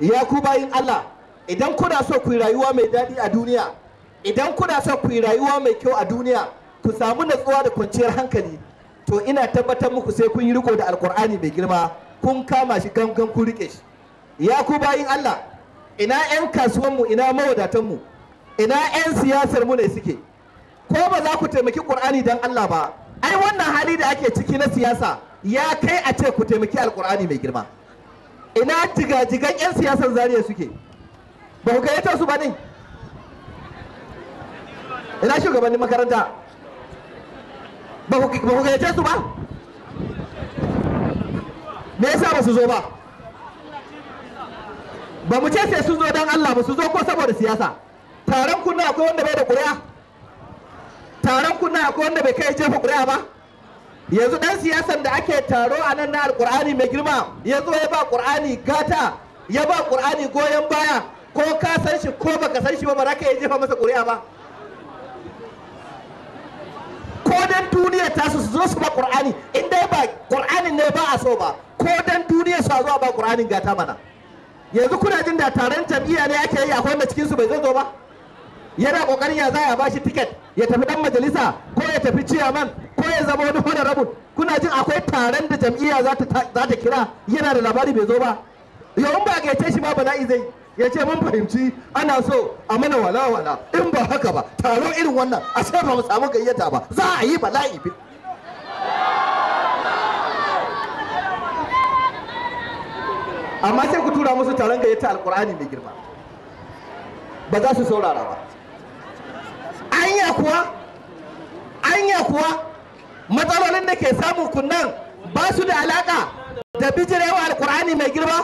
ya ku bayin Allah idan kuna so ku yi rayuwa mai daɗi a duniya idan kuna so ku yi rayuwa mai kyau a duniya ku samu natsuwa da kwanciyar hankali to ina tabbatar muku sai kun yi riko da alkur'ani mai girma kun kama shi gangan kun rike shi ya ku bayin Allah ina 'yan mu ina mawadatanmu ina 'yan siyasarmu ne suke ko ba za ku taimaki ƙur'ani dan Allah ba ai wannan hali da ake ciki na siyasa ya kai a ce ku taimaki alkur'ani mai girma ina jigajigan 'yan siyasar zariya suke ba ku gayyata su ba ne ina shugabannin makaranta ba ku gayyace su ba me yasa ba su zo ba ba mu ce sai sun zo don Allah ba su zo ko saboda siyasa taron kunna akwai wanda bai da ƙuri'a taron kunna akwai wanda bai kai jefa ƙuri'a ba yanzu ɗan siyasan da ake taro a nan na alkur'ani mai girma yanzu ya ba ƙur'ani gata ya ba ƙur'ani goyon baya ko ka san shi ko baka san shi ba ba za ka iya jefa masa ƙuri'a ba ko dan duniya ta su zo su ba ƙur'ani in dai ba ƙur'anin ne ba a so ba ko dan duniya su a ba ƙur'anin gata mana yanzu kuna jin da taron jam'iyya ne ake yi akwai mai cikin su bai zo zo ba yana kokarin ya za ba bashi tiket ya tafi dan majalisa ko ya tafi ciyaman ko ya zama wani rabu kuna jin akwai taron da jam'iyya za ta kira yana da labari bai zo ba yau ba ce shi ba bala'i zai ya ce mun fahimci ana so a mana wala wala in ba haka ba taro irin wannan a sai ba mu samu gayyata ba za a yi bala'i bi amma sai ku tura musu taron gayyata alkur'ani mai girma ba za su saurara ba anya kuwa anya kuwa matsalolin da ke samun kunnan ba su da alaƙa da bijirewa alƙur'ani mai girma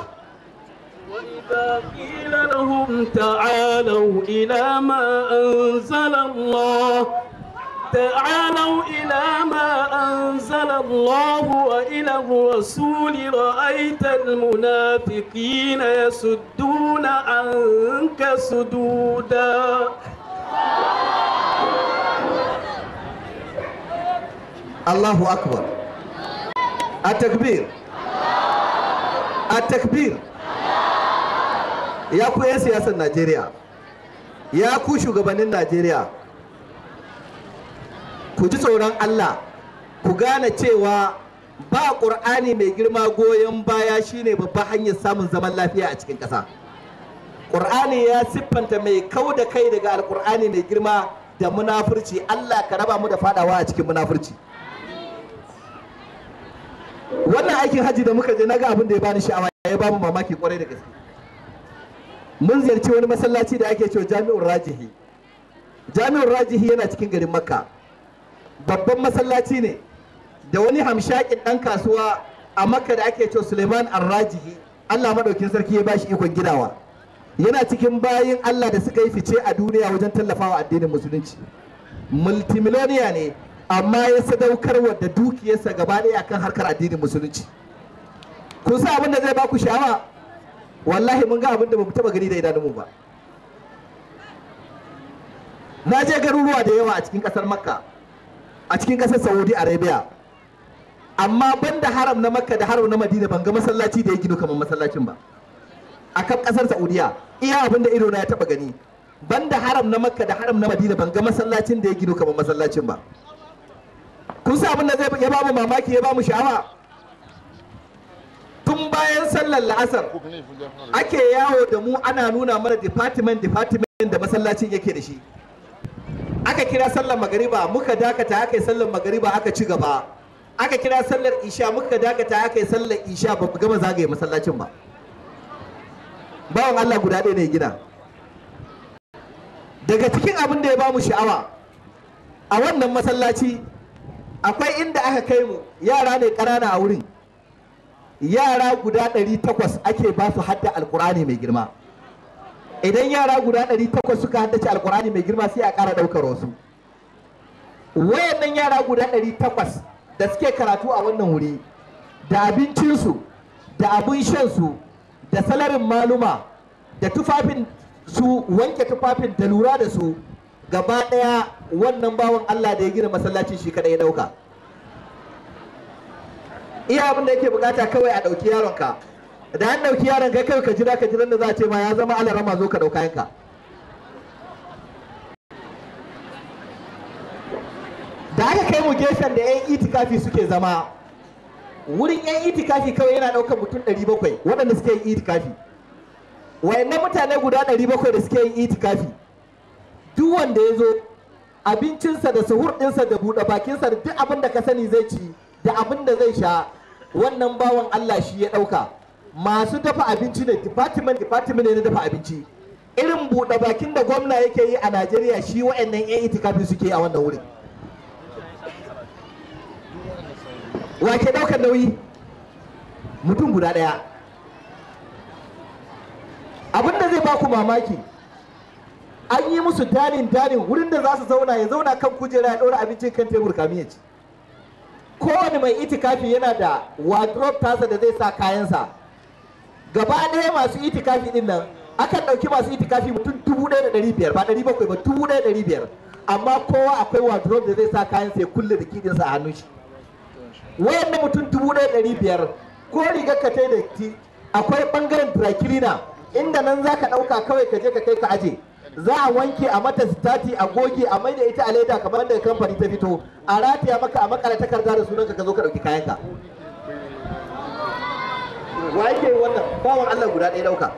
تعالوا إلى ما أنزل الله وإلى الرسول رأيت المنافقين يسدون عنك سدودا الله Allahu Akbar At-takbir Ya ku 'yan siyasar Najeriya Ya ku shugabannin Najeriya Ku ji tsoron Allah ku gane cewa ba ƙur'ani mai girma goyon baya shine babban hanyar samun zaman lafiya a cikin ƙasa ƙur'ani ya siffanta mai kau da kai daga alƙur'ani mai girma da munafurci allah ka raba mu da fadawa a cikin munafurci wannan aikin hajji da muka je na ga abin da ya bani sha'awa ya yi babu mamaki kwarai da gaske mun ziyarci wani masallaci da ake cewa jami'ur rajihi jami'ur rajihi yana cikin garin makka babban masallaci ne da wani hamshakin dan kasuwa a makka da ake cewa suleiman arrajihi allah maɗaukin sarki ya bashi ikon gidawa yana cikin bayin allah da suka yi fice a duniya wajen tallafawa addinin musulunci multimiloniya ne amma ya sadaukar da dukiyarsa gaba ɗaya akan harkar addinin musulunci kun sa abin da zai baku sha'awa wallahi mun ga abin da bamu taba gani da idanunmu ba na je garuruwa da yawa a cikin kasar makka a cikin kasar saudi arabia amma ban da haram na makka da haram na madina ban ga masallaci da ya gino kamar masallacin ba a kan kasar saudiya iya abin da ido na ya taba gani Ban da haram na makka da haram na madina ban ga masallacin da ya gino kamar masallacin ba kun sa abin da zai ya bamu mamaki ya bamu sha'awa tun bayan sallar la'asar ake yawo da mu ana nuna mana department department da masallacin yake da shi aka kira sallar magariba muka dakata aka yi sallar magariba aka ci gaba aka kira sallar isha muka dakata aka yi sallar isha ba ku gama zagaye masallacin ba bawan Allah guda ɗaya ne gida daga cikin abin da ya bamu sha'awa a wannan masallaci akwai inda aka kai mu yara ne ƙanana a wurin yara guda ɗari takwas ake ba su hadda alƙur'ani mai girma idan yara guda ɗari takwas suka haddace alƙur'ani mai girma sai a ƙara ɗaukar wasu wayannan yara guda ɗari da suke karatu a wannan wuri da abincinsu da abin shansu da salarin maluma da tufafin su wanke tufafin da lura da su gaba ɗaya wannan bawan Allah da ya gina masallacin shi kaɗai ya ɗauka iya abin da yake bukata kawai a ɗauki yaronka da an ɗauki yaron kai ka jira ka jira da za a ce ma ya zama alarama zo ka ɗauka yanka da aka kai mu gefen da 'yan itikafi suke zama wurin 'yan itikafi kawai yana ɗaukar mutum 700 waɗanda suke yin itikafi wayannan mutane guda 700 da suke yin itikafi duk wanda ya zo abincinsa da suhur ɗinsa da buɗe bakinsa da duk abin da ka sani zai ci da abin da zai sha wannan bawan Allah shi ya ɗauka masu dafa abinci ne department department ne na dafa abinci irin buɗe bakin da gwamna yake yi a Najeriya shi wa'annan 'yan itikafi suke a wannan wurin Wa ke ɗaukar nauyi mutum guda ɗaya abin da zai baku mamaki an yi musu dalin dalin wurin da za su zauna ya zauna kan kujera ya ɗora abincin kan tebur kamiya ya ci kowane mai itikafi yana da wardrobe tasa da zai sa kayansa gaba ɗaya masu itikafi ɗin nan akan ɗauki masu itikafi mutum dubu ɗaya da ɗari biyar ba ɗari bakwai ba dubu ɗaya da ɗari biyar amma kowa akwai wardrobe da zai sa kayansa ya kulle da kidinsa a hannun shi wayannan mutum dubu ɗaya da ɗari biyar ko rigar ka yi da akwai ɓangaren dry inda nan za ka ɗauka kawai ka je ka kai ka aje za a wanke a mata sitati a goge a maida ita a leda kamar da kamfani ta fito a rataya maka a makara takarda da sunanka ka zo ka ɗauki kayanka wa yake wannan bawan Allah guda ɗaya ɗauka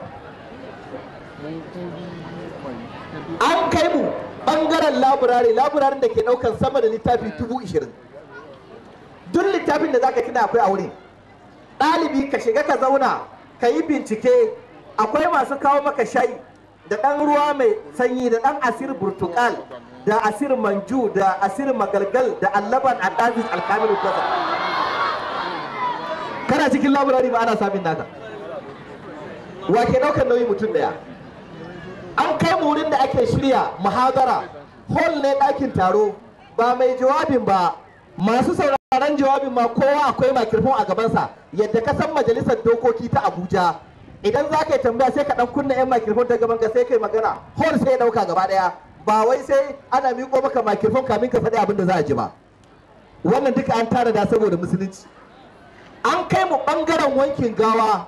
an kai mu ɓangaren laburare laburarin da ke ɗaukan sama da littafi dubu ishirin duk littafin da za ka kina akwai a wurin ɗalibi ka shiga ka zauna ka yi bincike akwai masu kawo maka shayi da ɗan ruwa mai sanyi da ɗan asir burtukal da asir manju da asir magalgal da allaban al'adis alkamilu kasa kana cikin laburari ba ana samun naka wa ke ɗaukar nauyi mutum daya an kai mu wurin da ake shirya muhabara hall ne ɗakin taro ba mai jawabin ba masu sauraron jawabin ma kowa akwai makirfon a gabansa yadda kasan majalisar dokoki ta abuja idan za ka yi tambaya sai ka ɗan kunna yan makirfon ta gaban ka sai kai magana hol sai ya ɗauka gaba ɗaya ba wai sai ana miƙo maka makirfon kamin ka faɗi abin da za a ji ba wannan duka an tara da saboda musulunci an kai mu ɓangaren wankin gawa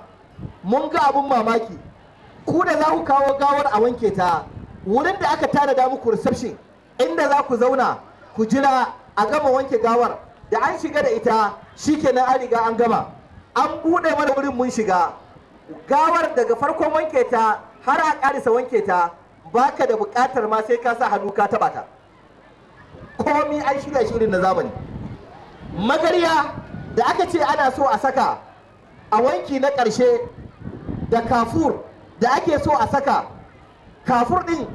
mun ga abin mamaki ku da za ku kawo gawar a wanke ta wurin da aka tara da muku reception inda za ku zauna ku jira a gama wanke gawar da an shiga da ita shikenan an riga an gama an buɗe mana wurin mun shiga gawar daga farkon wanke ta har a karisa wanke ta baka da bukatar ma sai ka sa hannu ka taba ta komi an shirya shirin na zamani magarya da aka ce ana so a saka a wanki na ƙarshe da kafur da ake so a saka kafur ɗin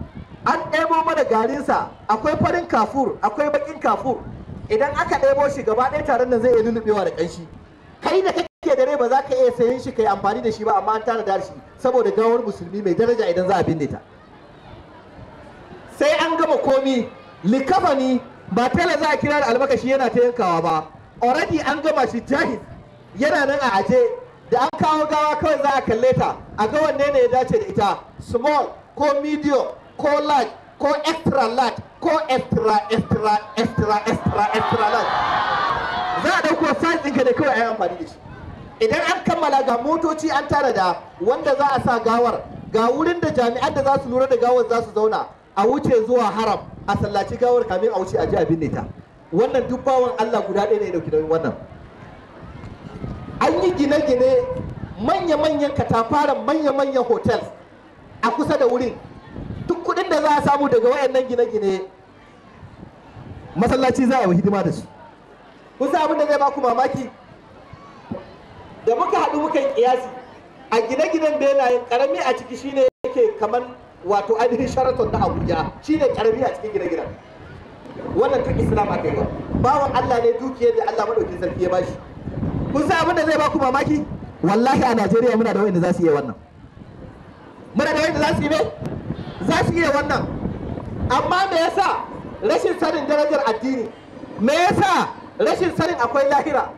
an ɗebo mana garinsa akwai farin kafur akwai bakin kafur idan aka ɗebo shi gaba ɗaya taron nan zai iya nunubewa da ƙanshi kai da ke dare ba za ka iya sayan shi kai amfani da shi ba amma an tana da shi saboda gawar musulmi mai daraja idan za a binne ta sai an gama komi likafani ba tela za a kira da almakashi yana ta yankawa ba already an gama shi jahil yana nan a aje da an kawo gawa kawai za a kalle ta a ga wanne ne ya dace da ita small ko medium ko large ko extra large ko extra extra extra extra extra large za a dauko size ɗinka da kawai a yi amfani da shi idan an kammala ga motoci an tara da wanda za a sa gawar ga wurin da jami'an da za su lura da gawar za su zauna a wuce zuwa haram a sallaci gawar kamin a wuce a ji a binne ta wannan duk bawan Allah guda ɗaya ne dauki nauyin wannan an yi gine-gine manya-manyan katafaren manya-manyan hotels a kusa da wurin duk kuɗin da za a samu daga wayannan gine-gine masallaci za a yi hidima da su kun abin da zai baku mamaki da muka haɗu muka yi kiyasi a gine-ginen benayen karami a ciki shine yake kamar wato ainihin sharaton na abuja shine karami a cikin gine-ginen wannan tun islam kai yi bawan allah ne dukiyar da allah maɗauki sarki ya bashi kun san abin da zai baku mamaki wallahi a najeriya muna da wanda za su iya wannan muna da wanda za su yi ne za su iya wannan amma me yasa rashin sanin darajar addini me yasa rashin sanin akwai lahira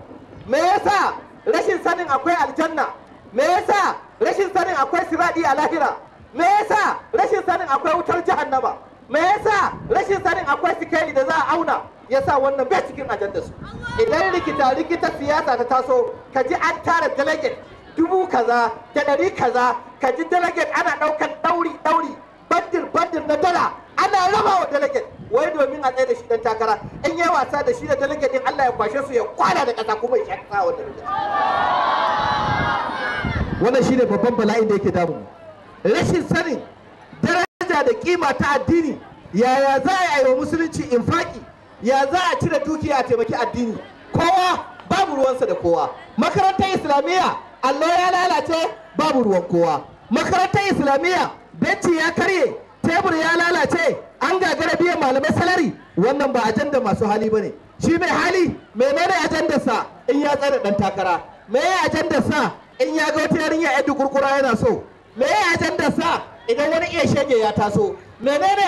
me yasa rashin sanin akwai aljanna me yasa rashin sanin akwai siradi a lahira me yasa rashin sanin akwai wutar jahannama me yasa rashin sanin akwai sikeli da za a auna yasa wannan bai cikin ajandar su idan rikita rikita siyasa ta taso ka ji an tara delegate dubu kaza da ɗari kaza ka ji delegate ana ɗaukar ɗauri ɗauri bandir bandir na dala ana raba wa delegate wai domin a tsaye da shi dan takara in yi wasa da shi da delegatin Allah ya kwashe su ya kwana da kasa kuma ya shaƙi sa wata wannan shine babban bala'in da yake damu rashin sanin daraja da kima ta addini yaya za a yi wa musulunci infaki ya za a cire dukiya a taimaki addini kowa babu ruwansa da kowa makarantar islamiyya allo ya lalace babu ruwan kowa makarantar islamiyya benci ya karye tebur ya lalace an gagara biyan malamai salari wannan ba ajanda masu hali ba ne shi mai hali menene sa in ya tsare dan takara me ya ajandarsa in ya ga wata yarinya yadda kurkura yana so me ya sa idan wani iya shege ya taso menene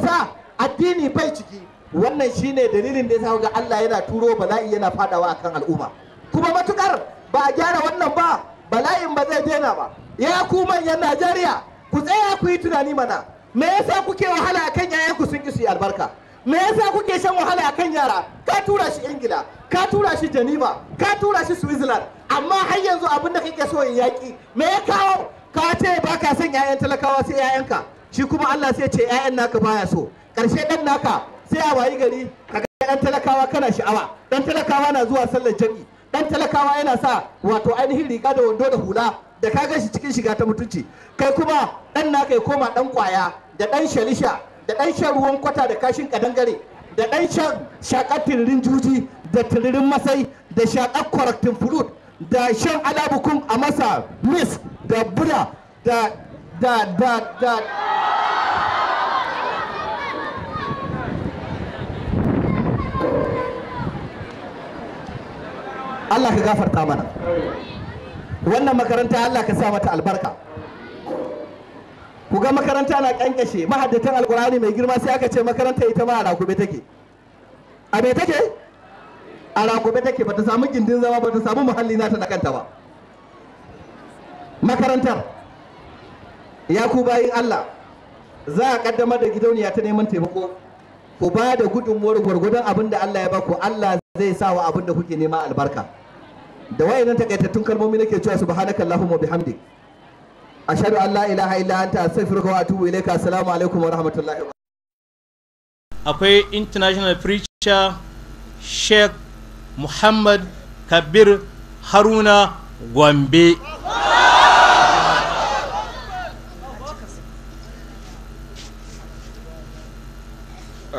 sa addini bai ciki wannan shine dalilin da ya ga Allah yana turo bala'i yana fadawa akan al'umma kuma matukar ba a gyara wannan ba bala'in ba zai daina ba ya ku manyan Najeriya ku tsaya ku yi tunani mana me yasa kuke wahala akan ku sun ki albarka me yasa kuke shan wahala akan yara ka tura shi ingila ka tura shi geneva ka tura shi switzerland amma har yanzu abin da kake so in yaki me ya kawo ka ce ba ka son yayan talakawa sai yayanka shi kuma allah sai ce yayan naka baya so karshe dan naka sai a wayi gari ka ga dan talakawa kana sha'awa dan talakawa na zuwa sallar jam'i dan talakawa yana sa wato ainihin riga da wando da hula da ka shi cikin shiga ta mutunci kai kuma dan naka ya koma dan kwaya da ɗan shalisha da ɗan shan ruwan kwata da kashin kadangare da ɗan shan shakar tiririn juji da tiririn masai da shakar kwaraktin fulut, da shan alabukun a masa mis da buda da da da da Allah ka gafarta mana wannan makaranta Allah ka sa mata albarka ku ga makaranta na kankashe mahaddatan alkurani mai girma sai aka ce makaranta ita ma a rakube take a me take a rakube take bata samu gindin zama bata samu muhalli nata da kanta ba makarantar ya ku bayin Allah za a kaddamar da gidauniya ta neman taimako ku ba da gudunmuwar gwargwadon abin da Allah ya ba ku Allah zai sa wa abin da kuke nema albarka da wayannan takaitattun kalmomi nake cewa subhanakallahumma bihamdik a an la ilaha illa anta astaghfiruka wa atubu ilayka assalamu alaikum wa rahmatullahi wa akwai international preacher sheikh muhammad kabir haruna gombe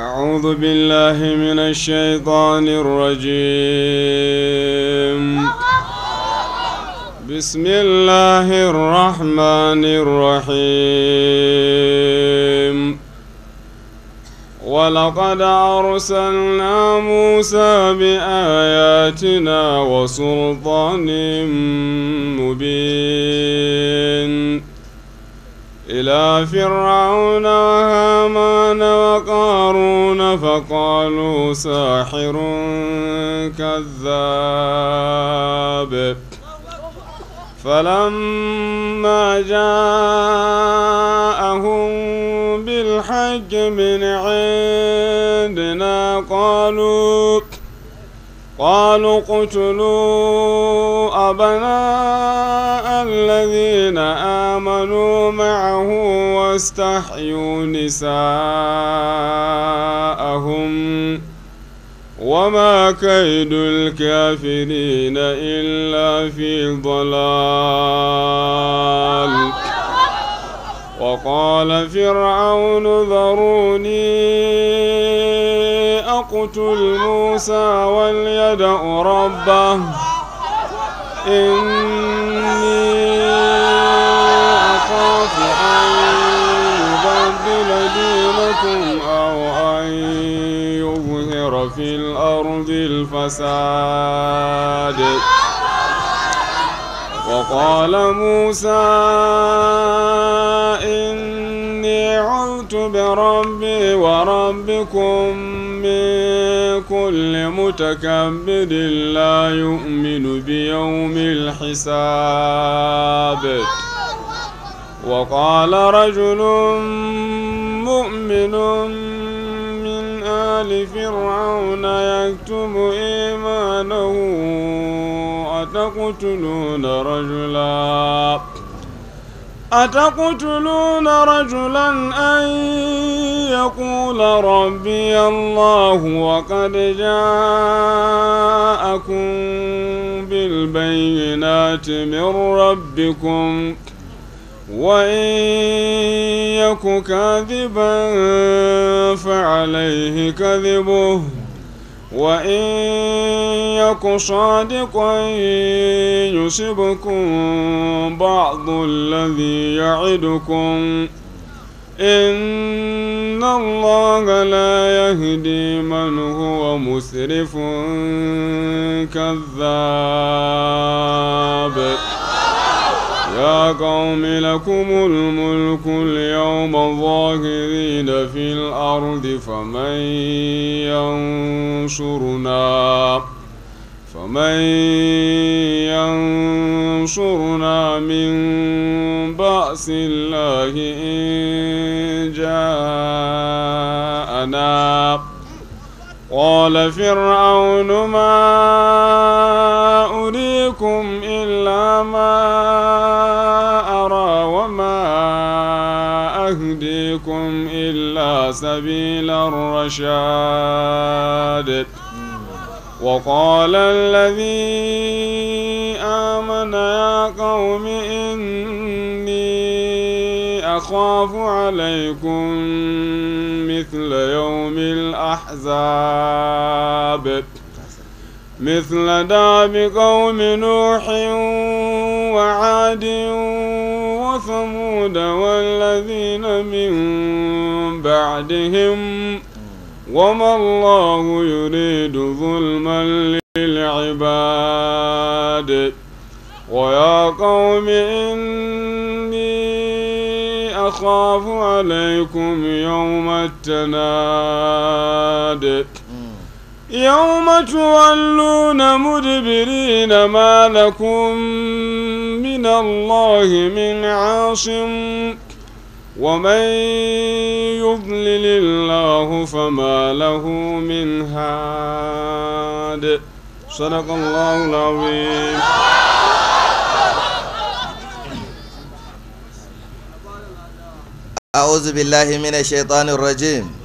أعوذ بالله من الشيطان الرجيم بسم الله الرحمن الرحيم ولقد أرسلنا موسى بآياتنا وسلطان مبين إلى فرعون وهامان وقارون فقالوا ساحر كذاب فلما جاءهم بالحج من عندنا قالوا قالوا اقتلوا أبناء الذين آمنوا معه واستحيوا نساءهم وما كيد الكافرين إلا في ضلال وقال فرعون ذروني أقتل موسى وليدع ربه إني أخاف أن في الأرض الفساد وقال موسى إني عذت بربي وربكم من كل متكبر لا يؤمن بيوم الحساب وقال رجل مؤمن آل فرعون يكتم إيمانه أتقتلون رجلا أتقتلون رجلا أن يقول ربي الله وقد جاءكم بالبينات من ربكم ۖ وإن يك كاذبا فعليه كذبه وإن يك صادقا يصبكم بعض الذي يعدكم إن الله لا يهدي من هو مسرف كذاب يا قوم لكم الملك اليوم ظاهرين في الأرض فمن ينصرنا فمن ينصرنا من بأس الله إن جاءنا قال فرعون ما أريكم إلا ما بكم إلا سبيل الرشاد وقال الذي آمن يا قوم إني أخاف عليكم مثل يوم الأحزاب مثل داب قوم نوح وعاد وثمود والذين من بعدهم وما الله يريد ظلما للعباد ويا قوم إني أخاف عليكم يوم التناد يوم تولون مدبرين ما لكم من الله من عاصم ومن يضلل الله فما له من هاد صدق الله العظيم أعوذ بالله من الشيطان الرجيم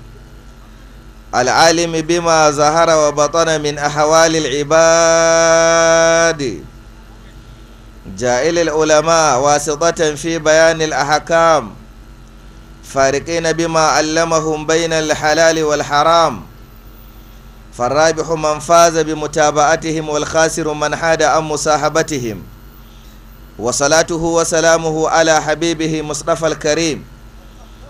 العالم بما ظهر وبطن من أحوال العباد جائل العلماء واسطة في بيان الأحكام فارقين بما علمهم بين الحلال والحرام فالرابح من فاز بمتابعتهم والخاسر من حاد عن مصاحبتهم وصلاته وسلامه على حبيبه مصطفى الكريم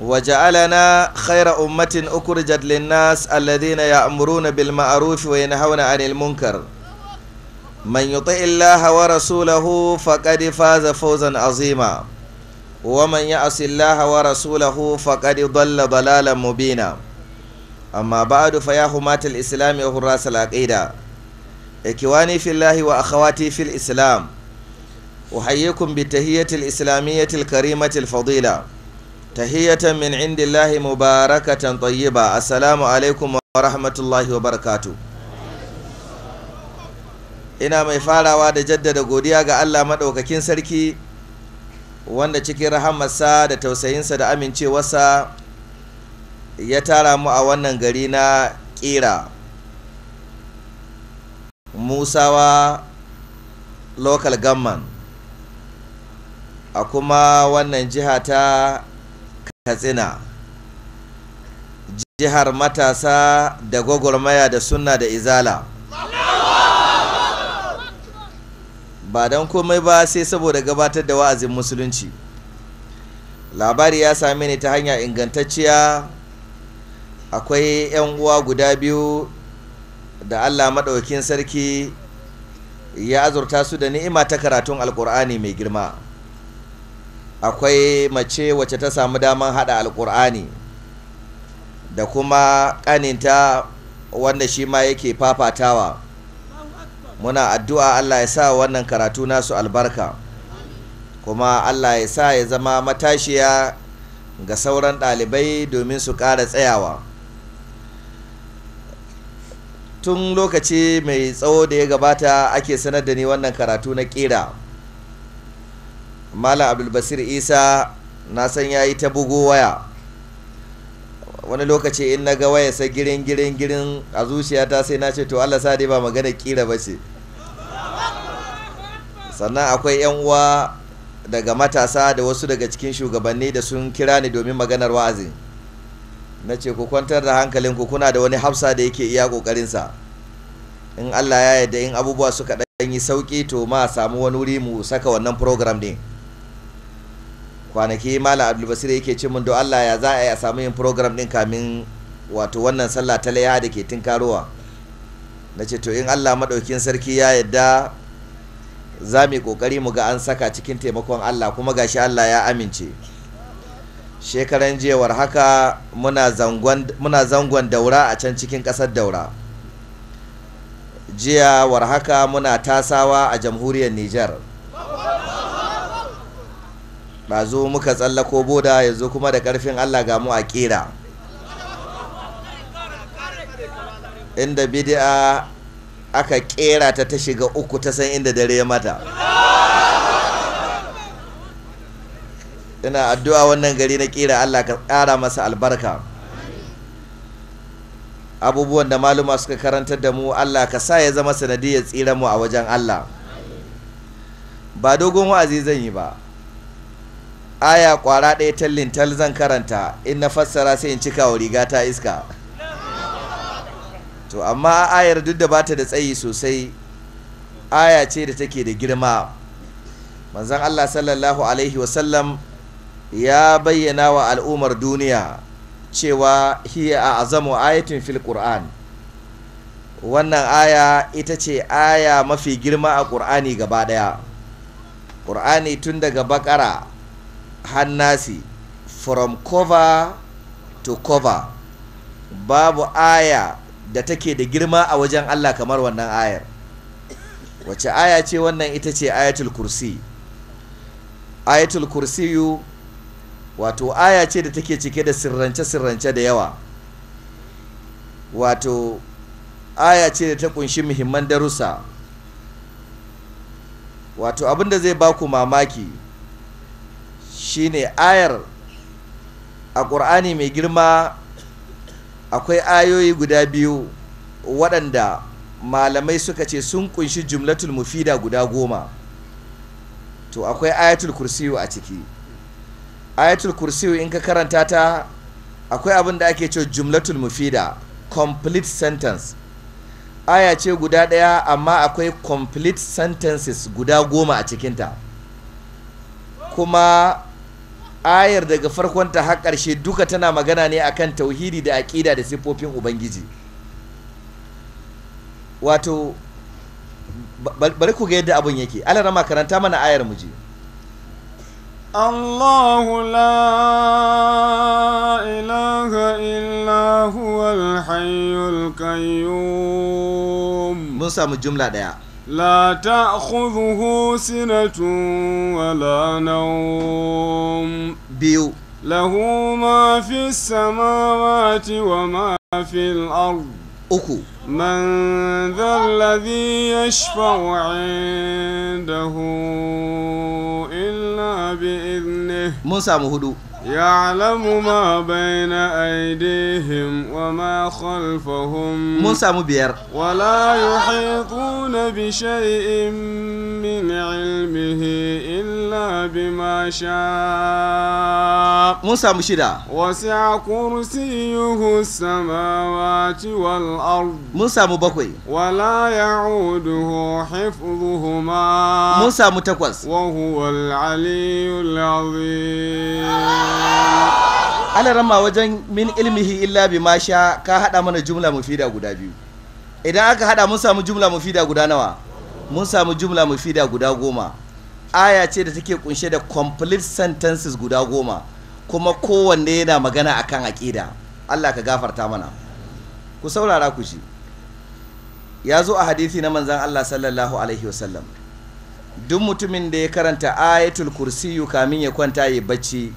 وجعلنا خير أمة أخرجت للناس الذين يأمرون بالمعروف وينهون عن المنكر من يطع الله ورسوله فقد فاز فوزا عظيما ومن يعص الله ورسوله فقد ضل ضلالا مبينا أما بعد فيا حماة الإسلام وحراس العقيدة إخواني في الله وأخواتي في الإسلام أحييكم بالتهية الإسلامية الكريمة الفضيلة tahiyatan min indillahi mubarakatan tayyiba assalamu alaikum wa rahmatullahi wa barakatu ina mai farawa da jaddada godiya ga Allah maɗaukakin sarki wanda cikin rahamarsa da tausayinsa da amincewarsa ya tara mu a wannan gari na ƙira musawa local government a kuma wannan jiha ta katsina jihar matasa da gwagwarmaya da sunna da izala ba don komai ba sai saboda gabatar da wa'azin musulunci labari ya sami ni ta hanya ingantacciya akwai 'yan uwa guda biyu da allah maɗaukin sarki ya azurta su da ni'ima ta karatun alkur'ani mai girma akwai mace wacce ta samu daman hada alkur'ani da kuma kaninta wanda shi ma yake fafatawa muna addu'a Allah ya sa wannan karatu nasu albarka kuma Allah ya sa ya zama matashiya ga sauran ɗalibai domin su ƙara tsayawa tun lokaci mai tsawo da ya gabata ake sanar da ni wannan karatu na ƙira malam abdulbasir isa na san ya yi ta bugo waya wani lokaci in na ga waya girin girin girin a zuciyata sai na ce to allah sa dai ba magana kira ba ce sannan akwai yan uwa daga matasa da wasu daga cikin shugabanni da sun kira ni domin maganar wa'azi na ce ku kwantar da hankalinku kuna da wani hafsa da yake iya ƙoƙarinsa in allah ya yarda in abubuwa suka ɗan yi sauki to ma samu wani wuri mu saka wannan program ne. kwanaki malam abdulbasir yake ce mun don allah ya za a yi a samu yin program din kamin wato wannan sallah ta laiha da ke karuwa na ce to in allah maɗaukin sarki ya yadda za mu yi ƙoƙari mu ga an saka cikin taimakon allah kuma shi allah ya amince shekaran jewar haka muna zangon daura a can cikin ƙasar daura jiya haka muna tasawa a jamhuriyar nijar. ba zo muka tsallako boda yanzu kuma da karfin Allah ga mu a kera inda bidi'a aka kera ta ta shiga uku ta san inda dare mata ina addu'a wannan gari na kera Allah ka ƙara masa albarka abubuwan da maluma suka karantar da mu Allah ka sa ya zama sanadiyar tsira mu a wajen Allah ba dogon wa'azi zan yi ba aya kwara ɗaya tallintal zan karanta in na fassara sai in cika wa riga ta iska to amma ayar duk da bata da tsayi sosai aya ce da take da girma manzon Allah sallallahu alaihi wasallam ya bayyana wa al'ummar duniya cewa hiya a azamu ayatun fil qur'an wannan aya ita ce aya mafi girma a ƙur'ani gaba daya qur'ani tun daga bakara hannasi from cover to cover babu aya da take da girma a wajen Allah kamar wannan ayar wace aya ce wannan ita ce ayatul kursi ayatul yu wato aya ce da take cike da sirrance-sirrance da yawa wato aya ce da ta kunshi muhimman darussa wato abinda zai baku mamaki shine ayar a ƙur'ani mai girma akwai ayoyi guda biyu waɗanda malamai suka ce sun kunshi jumlatul mufida guda goma to akwai ayatul kursiyu a ciki ayatul kursiyu in ka karanta ta akwai abin da ake ce jumlatul mufida complete sentence aya ce guda ɗaya amma akwai complete sentences guda goma a cikinta kuma ayar daga farkonta har ƙarshe duka tana magana ne akan tauhidi da aƙida da siffofin ubangiji wato bari ku ga yadda abin yake ala rama karanta mana ayar mu je الله لا إله إلا هو الحي القيوم موسى jumla ده لا تأخذه سنة ولا نوم بيو له ما في السماوات وما في الأرض أكو من ذا الذي يشفع عنده إلا بإذنه موسى مهدو يعلم ما بين أيديهم وما خلفهم موسى مبير ولا يحيطون بشيء من علمه إلا Allah bima sha mun samu shida samawati wal ard mun samu bakwai wala ya'uduhu mun samu takwas wa huwa al azim rama wajen min ilmihi illa bima sha ka hada mana jumla mufida guda biyu idan aka hada mun samu jumla mufida guda nawa mun samu jumla mufida guda goma aya ce da take kunshe da complete sentences guda goma kuma kowanne yana magana akan aƙida Allah ka gafarta mana ku saurara ku ji ya zo a hadisi na manzan Allah sallallahu alaihi wasallam duk mutumin da ya karanta ayatul kursiyu kamin ya kwanta ya bacci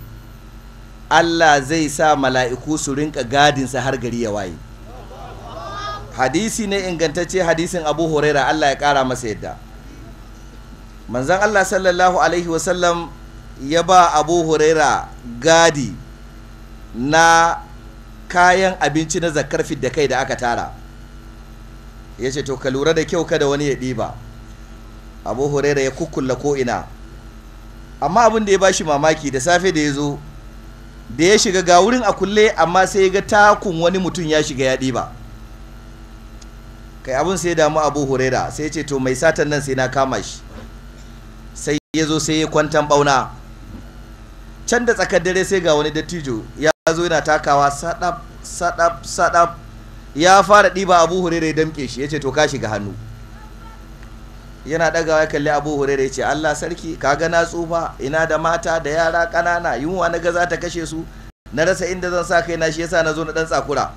Allah zai sa mala'iku su rinka gadinsa har gari ya waye hadisi ne ingantacce hadisin abu huraira Allah ya kara masa yadda manzan allah sallallahu alaihi wasallam ya ba abu huraira gadi na kayan abinci na zakar da kai da aka tara ya ce to ka lura da kyau kada wani ya ɗiba abu huraira ya kukkulla ko'ina amma abin da ya ba shi mamaki da safe da ya zo da ya shiga ga wurin a kulle amma sai ya ga takun wani mutum ya shiga ya ɗiba kai abin sai damu abu huraira sai ya ce to mai satan nan sai na kama shi ya zo sai ya kwantan bauna can da tsakar dare sai ga wani dattijo ya zo yana takawa sadab sadab sadab ya fara ɗiba abu hurere damƙe shi yace to ka ga hannu yana ɗagawa ya kalli abu hurere ce allah sarki ka ga na tsufa ina da mata da yara kanana yunwa na ga za ta kashe su na rasa inda zan sa kaina shi yasa na zo na dan tsakura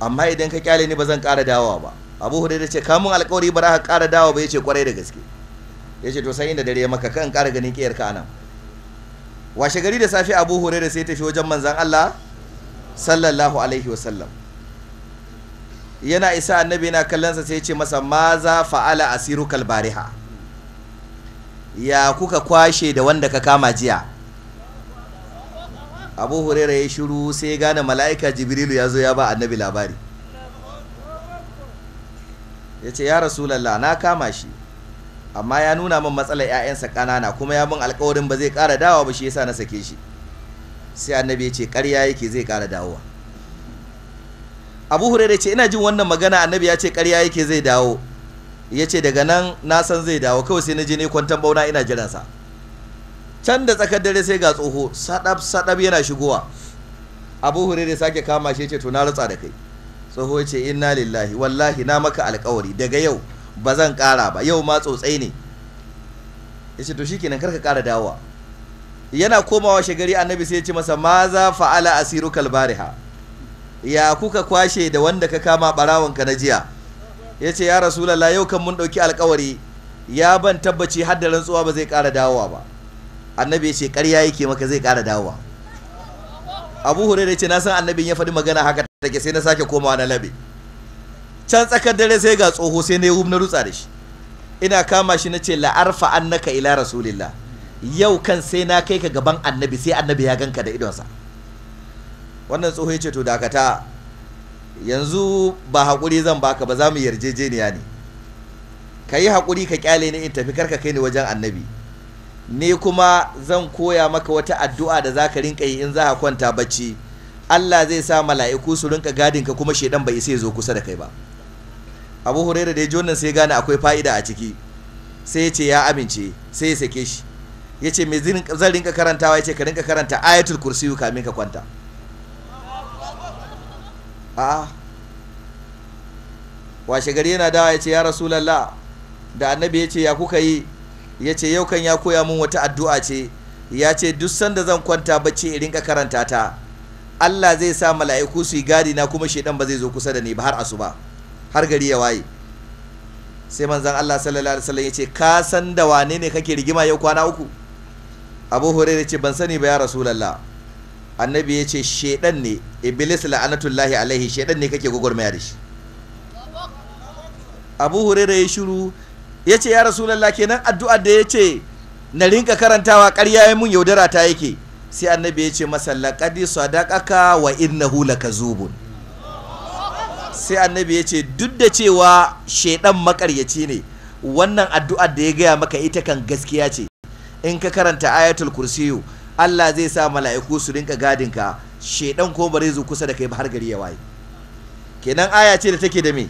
amma idan ka kyale ni ba zan ƙara dawowa ba abu hurere ce kamun alkawari ba za ka ƙara dawowa ba ya ce kwarai da gaske ya ce to sai inda dare maka kan kara ganin kiyar ka nan washe gari da safe abu da sai tafi wajen manzan Allah sallallahu alaihi wasallam yana isa annabi yana kallonsa sai ce masa ma za fa'ala asiru bariha. ya kuka kwashe da wanda ka kama jiya abu huraira ya shiru sai gane mala'ika jibrilu ya zo ya ba annabi labari ya ce ya rasulallah na kama shi amma ya nuna min matsalar 'ya'yansa ƙanana kuma ya min alƙawarin ba zai ƙara dawa ba shi yasa na sake shi sai annabi ya ce ƙarya yake zai ƙara dawowa abu hurairah ce ina jin wannan magana annabi ya ce ƙarya yake zai dawo ya ce daga nan na san zai dawo kawai sai na je ne kwantan bauna ina jiransa can da tsakar dare sai ga tsoho sadab sadab yana shigowa abu hurairah sake kama shi ya ce to na rutsa da kai tsoho ya ce inna lillahi wallahi na maka alƙawari daga yau ba zan kara ba yau ma tsotsai ne ya ce to shi kenan karka kara dawowa yana komawa shagari annabi sai ya ce masa maza fa'ala asiru kalbariha ya kuka kwashe da wanda ka kama ka na jiya ya ce ya rasulallah yau kan mun ɗauki alkawari ya ban tabbaci har tsuwa rantsuwa ba zai ƙara dawowa ba annabi ya ce ƙarya yake maka zai ƙara dawowa abu hurairah ya ce na san annabin ya faɗi magana haka take sai na sake komawa na labe can tsakar dare sai ga tsoho sai na yi na rutsa da shi ina kama shi na ce la'arfa annaka ila rasulillah yau kan sai na kai ka gaban annabi sai annabi ya ganka da idonsa wannan tsoho ya ce to dakata yanzu ba haƙuri zan baka ba za mu yarjejeniya ne ka yi haƙuri ka kyale ni in tafi karka kai ni wajen annabi ni kuma zan koya maka wata addu'a da za ka rinka yi in za ka kwanta bacci Allah zai sa mala'iku su rinka gadinka kuma shaidan bai isa ya zo kusa da kai ba abu huraira da ya ji wannan sai gane akwai fa'ida a ciki sai ya ce ya amince sai ya sake shi ya ce mai zan rinka karantawa ya ce ka rinka karanta ayatul kursiyu kamin ka kwanta a washe gari yana dawa ya ce ya rasulallah da annabi ya ce ya kuka yi ya ce yau kan ya koya min wata addu'a ce ya ce duk sanda zan kwanta bacci in rinka karanta ta Allah zai sa mala'iku su yi gadi na kuma shedan ba zai zo kusa da ni ba har asuba har gari ya waye sai manzon Allah sallallahu alaihi wasallam yace ka san da wane ne kake rigima yau kwana uku Abu Hurairah ce ban sani ba ya Rasulullah annabi yace shedan ne iblis la'anatullahi alaihi shedan ne kake gogormaya da shi Abu Hurairah ya shiru yace ya Rasulullah kenan addu'a da yace na rinka karantawa ƙarya ya mun yaudara ta yake sai annabi ya ce masa laqad sadaqaka wa innahu lakazubun sai annabi ya ce duk da cewa shaidan makaryaci ne wannan addu'ar da ya gaya maka ita kan gaskiya ce in ka karanta ayatul kursiyu Allah zai sa mala'iku su rinka gadinka shaidan ko bare zu kusa da kai ba har gari ya waye kenan aya ce da take da me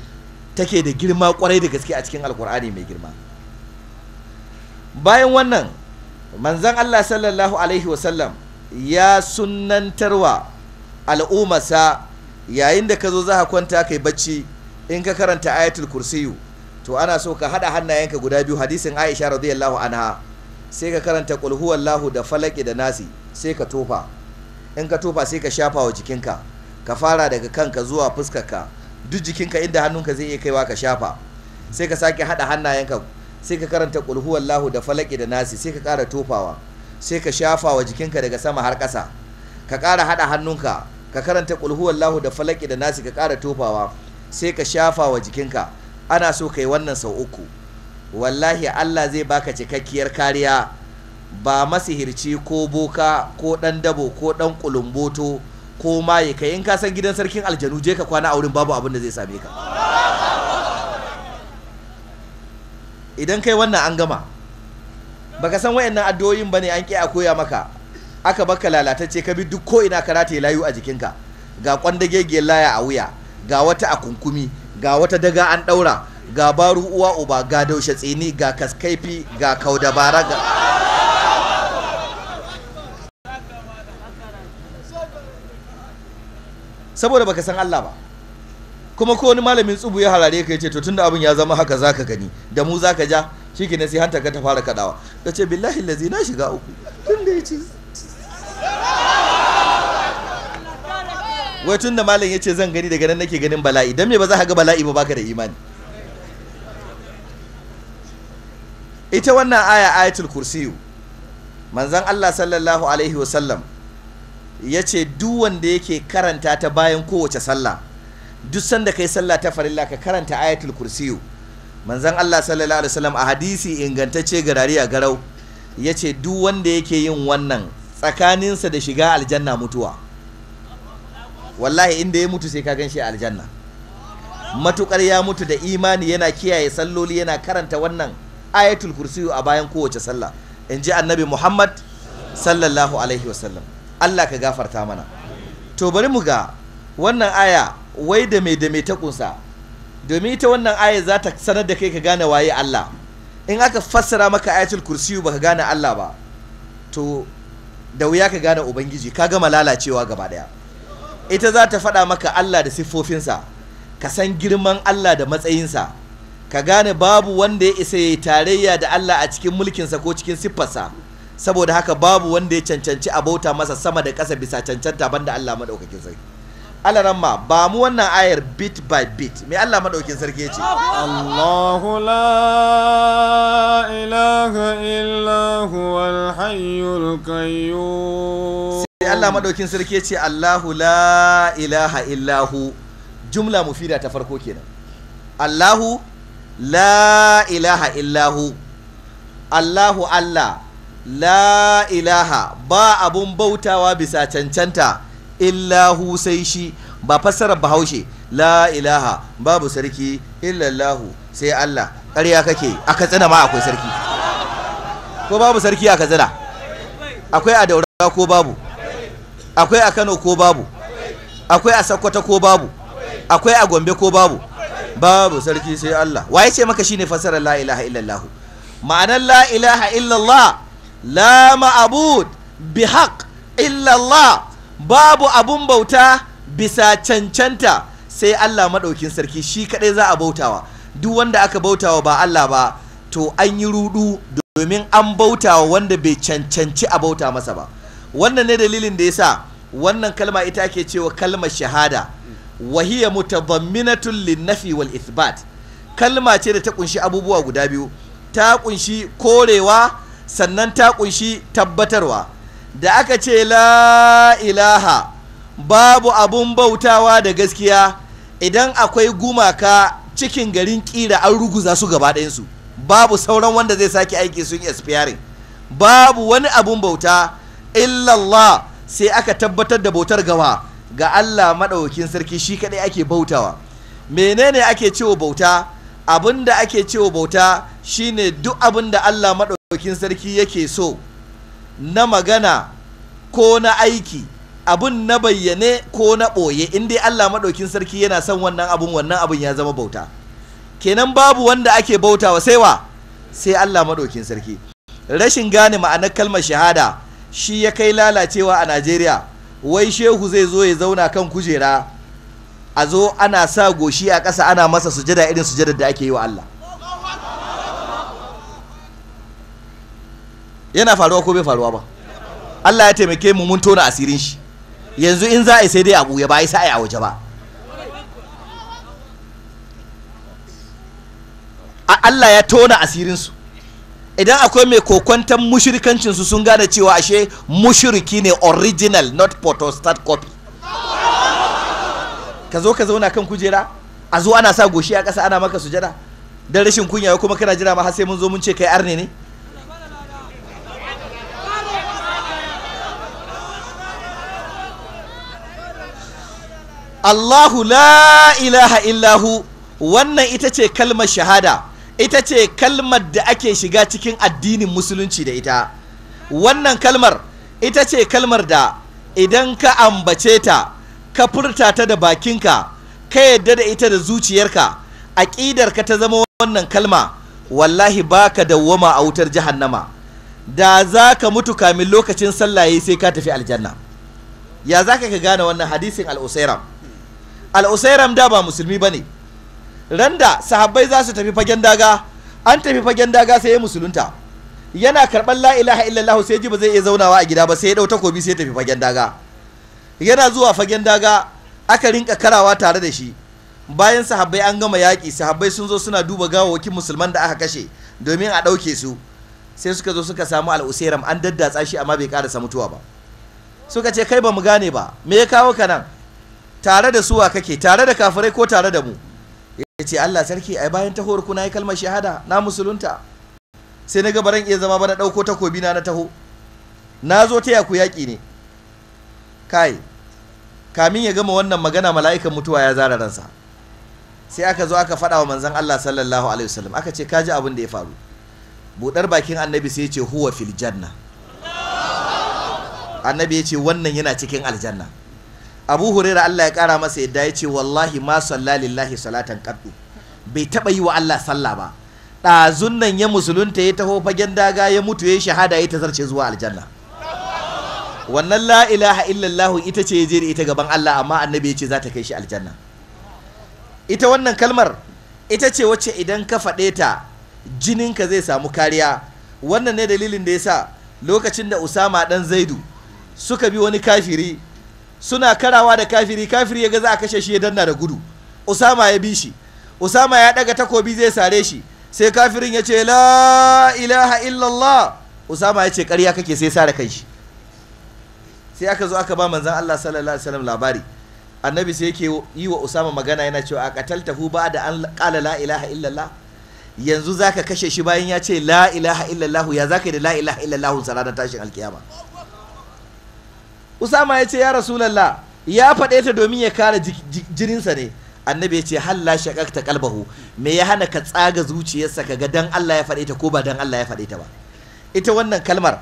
take da girma kwarai da gaske a cikin alkur'ani mai girma bayan wannan manzon Allah sallallahu alaihi wasallam ya sunnantarwa al'umarsa yayin da ka zo za ka kwanta kai bacci in ka karanta ayatul kursiyu to ana so ka hada hannayenka guda biyu hadisin Aisha radiyallahu anha sai ka karanta qul huwallahu da falaki da nasi sai ka tofa in ka tofa sai ka shafa wa jikinka ka fara daga kanka zuwa fuskarka duk jikinka inda hannunka zai iya kaiwa ka shafa sai ka sake hada hannayenka sai ka karanta qul huwallahu da falaki da nasi sai ka kara tofawa sai ka shafa wa jikinka daga sama har ƙasa ka kara hada hannunka ka karanta kulhuwallahu da falaki da nasi ka ƙara tofawa sai ka shafa wa jikinka ana so ka yi wannan sau uku wallahi Allah zai baka cikakkiyar kariya ba masihirci ko boka ko ɗan dabo ko ɗan kulumboto ko maye ka in ka san gidan sarkin aljanu je ka kwana a wurin babu abin da zai same ka idan kai wannan an gama baka san wayannan addu'o'in ne an ƙi a koya maka aka baka lalatacce ka bi duk ko ina ka rataye layu a jikinka ga kwandagegiyar laya a wuya ga wata a kunkumi ga wata daga an daura ga baru uwa uba ga daushe tsini ga kaskaifi ga kaudabara ga saboda baka san Allah ba kuma ko wani malamin tsubu ya harare ka yace to tunda abin ya zama haka zaka gani da mu zaka ja shikenan sai hanta ka ta fara kadawa kace billahi lazi na shiga uku tunda yace wai tun da malam ya ce zan gani daga nan nake ganin bala'i don me ba za ka ga bala'i ba baka da imani ita wannan aya ayatul kursiyu manzan Allah sallallahu alaihi wasallam ya ce duk wanda yake karanta ta bayan kowace sallah duk sanda kai sallah ta farilla ka karanta ayatul kursiyu manzan Allah sallallahu alaihi wasallam a hadisi ingantacce garari a garau ya ce duk wanda yake yin wannan tsakaninsa da shiga aljanna mutuwa wallahi inda ya mutu sai ka gan shi aljanna matukar ya mutu da imani yana kiyaye salloli yana karanta wannan ayatul kursiyu a bayan kowace sallah in ji annabi muhammad sallallahu alaihi wasallam allah ka gafarta mana to bari mu ga wannan aya wai da mai da mai ta domin ita wannan aya za ta sanar da kai ka gane waye allah in aka fassara maka ayatul kursiyu baka gane allah ba to da wuya ka gane ubangiji ka gama lalacewa gaba daya ita za ta faɗa maka Allah da siffofinsa ka san girman Allah da matsayinsa ka gane babu wanda ya isa yayi tarayya da Allah a cikin mulkinsa ko cikin siffarsa saboda haka babu wanda ya cancanci abauta masa sama da ƙasa bisa cancanta banda Allah maɗaukakin sarki ramma ba mu wannan ayar bit by bit mai Allah maɗaukin sarki ce Allahu la ilaha illa huwal hayyul qayyum sai Allah maɗaukin sarki ce Allahu la ilaha illa hu jumla mufida ta farko kenan Allahu la ilaha illa hu Allahu Allah la ilaha ba abun bautawa bisa cancanta illahu sai shi ba fassara bahaushe la ilaha babu sarki illallahu sai Allah ƙarya kake a katsina ma akwai sarki ko babu sarki a katsina akwai a daura ko babu akwai a kano ko babu akwai a sakkwata ko babu akwai a gombe ko babu babu sarki sai Allah waye ce maka shine fassarar la ilaha illallahu ma'anar la ilaha illallah la ma'abud bi haq illallah babu abun bauta bisa cancanta sai Allah maɗaukin sarki shi kaɗai za a bautawa duk wanda aka bautawa ba Allah ba to an yi rudu domin an bautawa wanda bai cancanci a bauta masa ba wannan ne dalilin da yasa wannan kalma ita ke cewa kalmar shahada wahiya mutadamminatun linnafi wal Isbat. kalma ce da ta kunshi abubuwa guda biyu ta kunshi korewa sannan ta kunshi tabbatarwa da aka ce la ilaha babu abun bautawa da gaskiya idan akwai gumaka cikin garin kira an ruguza su gaba ɗayansu babu sauran wanda zai sake aiki sun expiring babu wani abun bauta illallah sai aka tabbatar da bautar gawa ga Allah maɗaukin sarki shi kaɗai ake bautawa menene ake cewa bauta abin da ake cewa bauta shine duk abin da Allah maɗaukin sarki yake so na magana ko na aiki abun na bayyane ko na ɓoye in dai Allah maɗaukin sarki yana son wannan abun wannan abun ya zama bauta kenan babu wanda ake bautawa sai wa sai Allah maɗaukin sarki rashin gane ma'anar kalmar shahada shi ya kai lalacewa a Najeriya wai shehu zai zo ya zauna kan kujera a zo ana sa goshi a ƙasa ana masa sujada irin sujadar da ake yi wa Allah yana faruwa ko bai faruwa ba Allah ya taimake mu mun tona asirin shi yanzu in za a sai dai abu ya ba sai a waje ba Allah ya tona asirin su idan akwai mai kokwantan mushrikancin su sun gane cewa ashe mushriki ne original not protestant copy ka zo ka zauna kan kujera a zo ana sa goshi a ƙasa ana maka sujada dan rashin kunya kuma kana jira ma har sai mun zo mun ce kai arne ne Allahu la ilaha illahu wannan ita ce kalmar shahada ita ce kalmar da ake shiga cikin addinin musulunci da ita wannan kalmar ita ce kalmar da idan ka ambace ta ka furta ta da bakinka ka yadda da ita da zuciyarka ka ta zama wannan kalma wallahi baka dawwama a wutar jahannama da za ka mutu kamin lokacin sallah sai ka tafi aljanna ya za ka gane wannan hadisin al al'usairam da ba musulmi ba ne ran da sahabbai za su tafi fagen daga an tafi fagen daga sai ya musulunta yana karɓar la ilaha illallah sai ji ba zai iya zaunawa a gida ba sai ya ɗau takobi sai ya tafi fagen daga yana zuwa fagen daga aka rinka karawa tare da shi bayan sahabbai an gama yaƙi sahabbai sun zo suna duba gawawwakin musulman da aka kashe domin a ɗauke su sai suka zo suka samu al'usairam an daddatsa shi amma bai ƙarasa mutuwa ba suka ce kai ba mu gane ba me ya kawo ka nan tare da suwa kake tare da kafirai ko tare da mu ya ce Allah sarki ai bayan tahowar ku na yi kalmar shahada na musulunta sai na ga baran iya zama ba na ɗauko takobi na na taho na zo taya ku yaƙi ne kai kamin ya gama wannan magana mala'ikan mutuwa ya zara ransa sai aka zo aka faɗa wa manzon Allah sallallahu alaihi wasallam aka ce kaji abin da ya faru budar bakin annabi sai ya ce huwa fil janna annabi ya ce wannan yana cikin aljanna abu huraira allah ya kara masa yadda ya ce wallahi ma salla lillahi salatan kaddu bai taba yi wa allah sallah ba ɗazun nan ya musulunta ya taho fagen daga ya mutu ya shahada ya tazarce zuwa aljanna wannan la ilaha illallahu ita ce ya je ita gaban allah amma annabi ya ce za ta kai shi aljanna ita wannan kalmar ita ce wacce idan ka faɗe ta ka zai samu kariya wannan ne dalilin da ya sa lokacin da usama dan zaidu suka bi wani kafiri suna karawa da kafiri kafiri ya ga za a kashe shi ya danna da gudu usama ya bi shi usama ya daga takobi zai sare shi sai kafirin ya ce la ilaha illallah usama ya ce "Ƙarya kake sai sare kai shi sai aka zo aka ba manzan Allah sallallahu alaihi wasallam labari annabi sai yake yi wa usama magana yana cewa hu ba da an kala la ilaha illallah yanzu zaka kashe shi bayan ya ce la ilaha illallah ya zaka da la ilaha illallah ranar tashin alkiyama usama ya ce ya rasulallah ya faɗe ta domin ya kare jininsa ne annabi ya ce halla ta kalbahu. me ya hana ka tsaga zuciyarsa ka ga dan Allah ya faɗe ta ko ba dan Allah ya faɗe ta ba ita wannan kalmar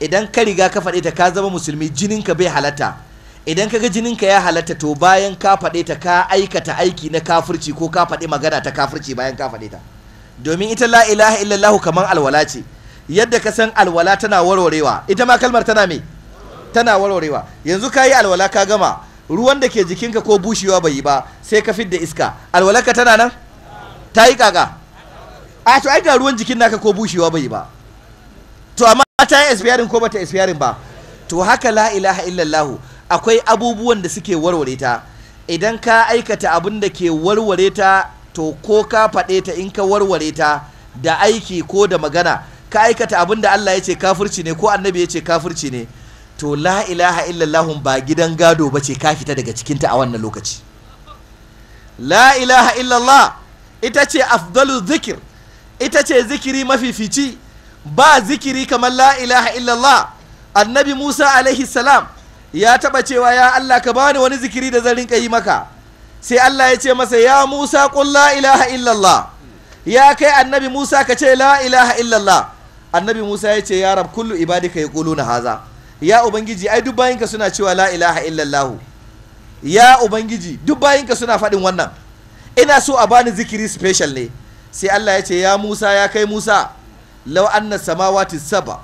idan ka riga ka faɗe ta ka zama musulmi jinin ka bai halatta idan ka ga jinin ka ya halatta to bayan ka faɗe ta ka aikata aiki na kafirci ko ka faɗi magana ta kafirci bayan ka faɗe ta domin ita la ilaha illallah kaman alwala ce yadda ka san alwala tana warwarewa ita ma kalmar tana me tana warwarewa yanzu ka yi alwala ka gama ruwan da ke jikinka ko bushewa bai yi ba sai ka fidda iska alwalarka tana nan ta yi kaka a to ai ga ruwan jikin naka ko bushewa bai yi ba to amma ta yi expiring ko bata expiring ba to haka la ilaha illallah akwai abubuwan da suke warware ta idan ka aikata abin da ke warware ta to ko ka faɗe ta in ka warware ta da aiki ko da magana ka aikata abin da Allah ya ce kafirci ne ko annabi ya ce kafirci ne to la ilaha illallahun ba gidan gado ba ce ka fita daga cikinta a wannan lokaci la ilaha illallah ita ce afdalu zikir ita ce zikiri mafifici ba zikiri kamar la ilaha illallah annabi musa alaihi salam ya taba cewa ya allah ka bani wani zikiri da zan rinka yi maka sai allah ya ce masa ya musa kun la ilaha illallah ya kai annabi musa ka ce la ilaha illallah annabi musa ya ce ya rab kullu ibadika na haza ya ubangiji ai duk bayinka suna cewa la ilaha illallah ya ubangiji duk bayinka suna faɗin wannan ina so a bani zikiri special ne sai Allah ya ce ya Musa ya kai Musa law anna samawati saba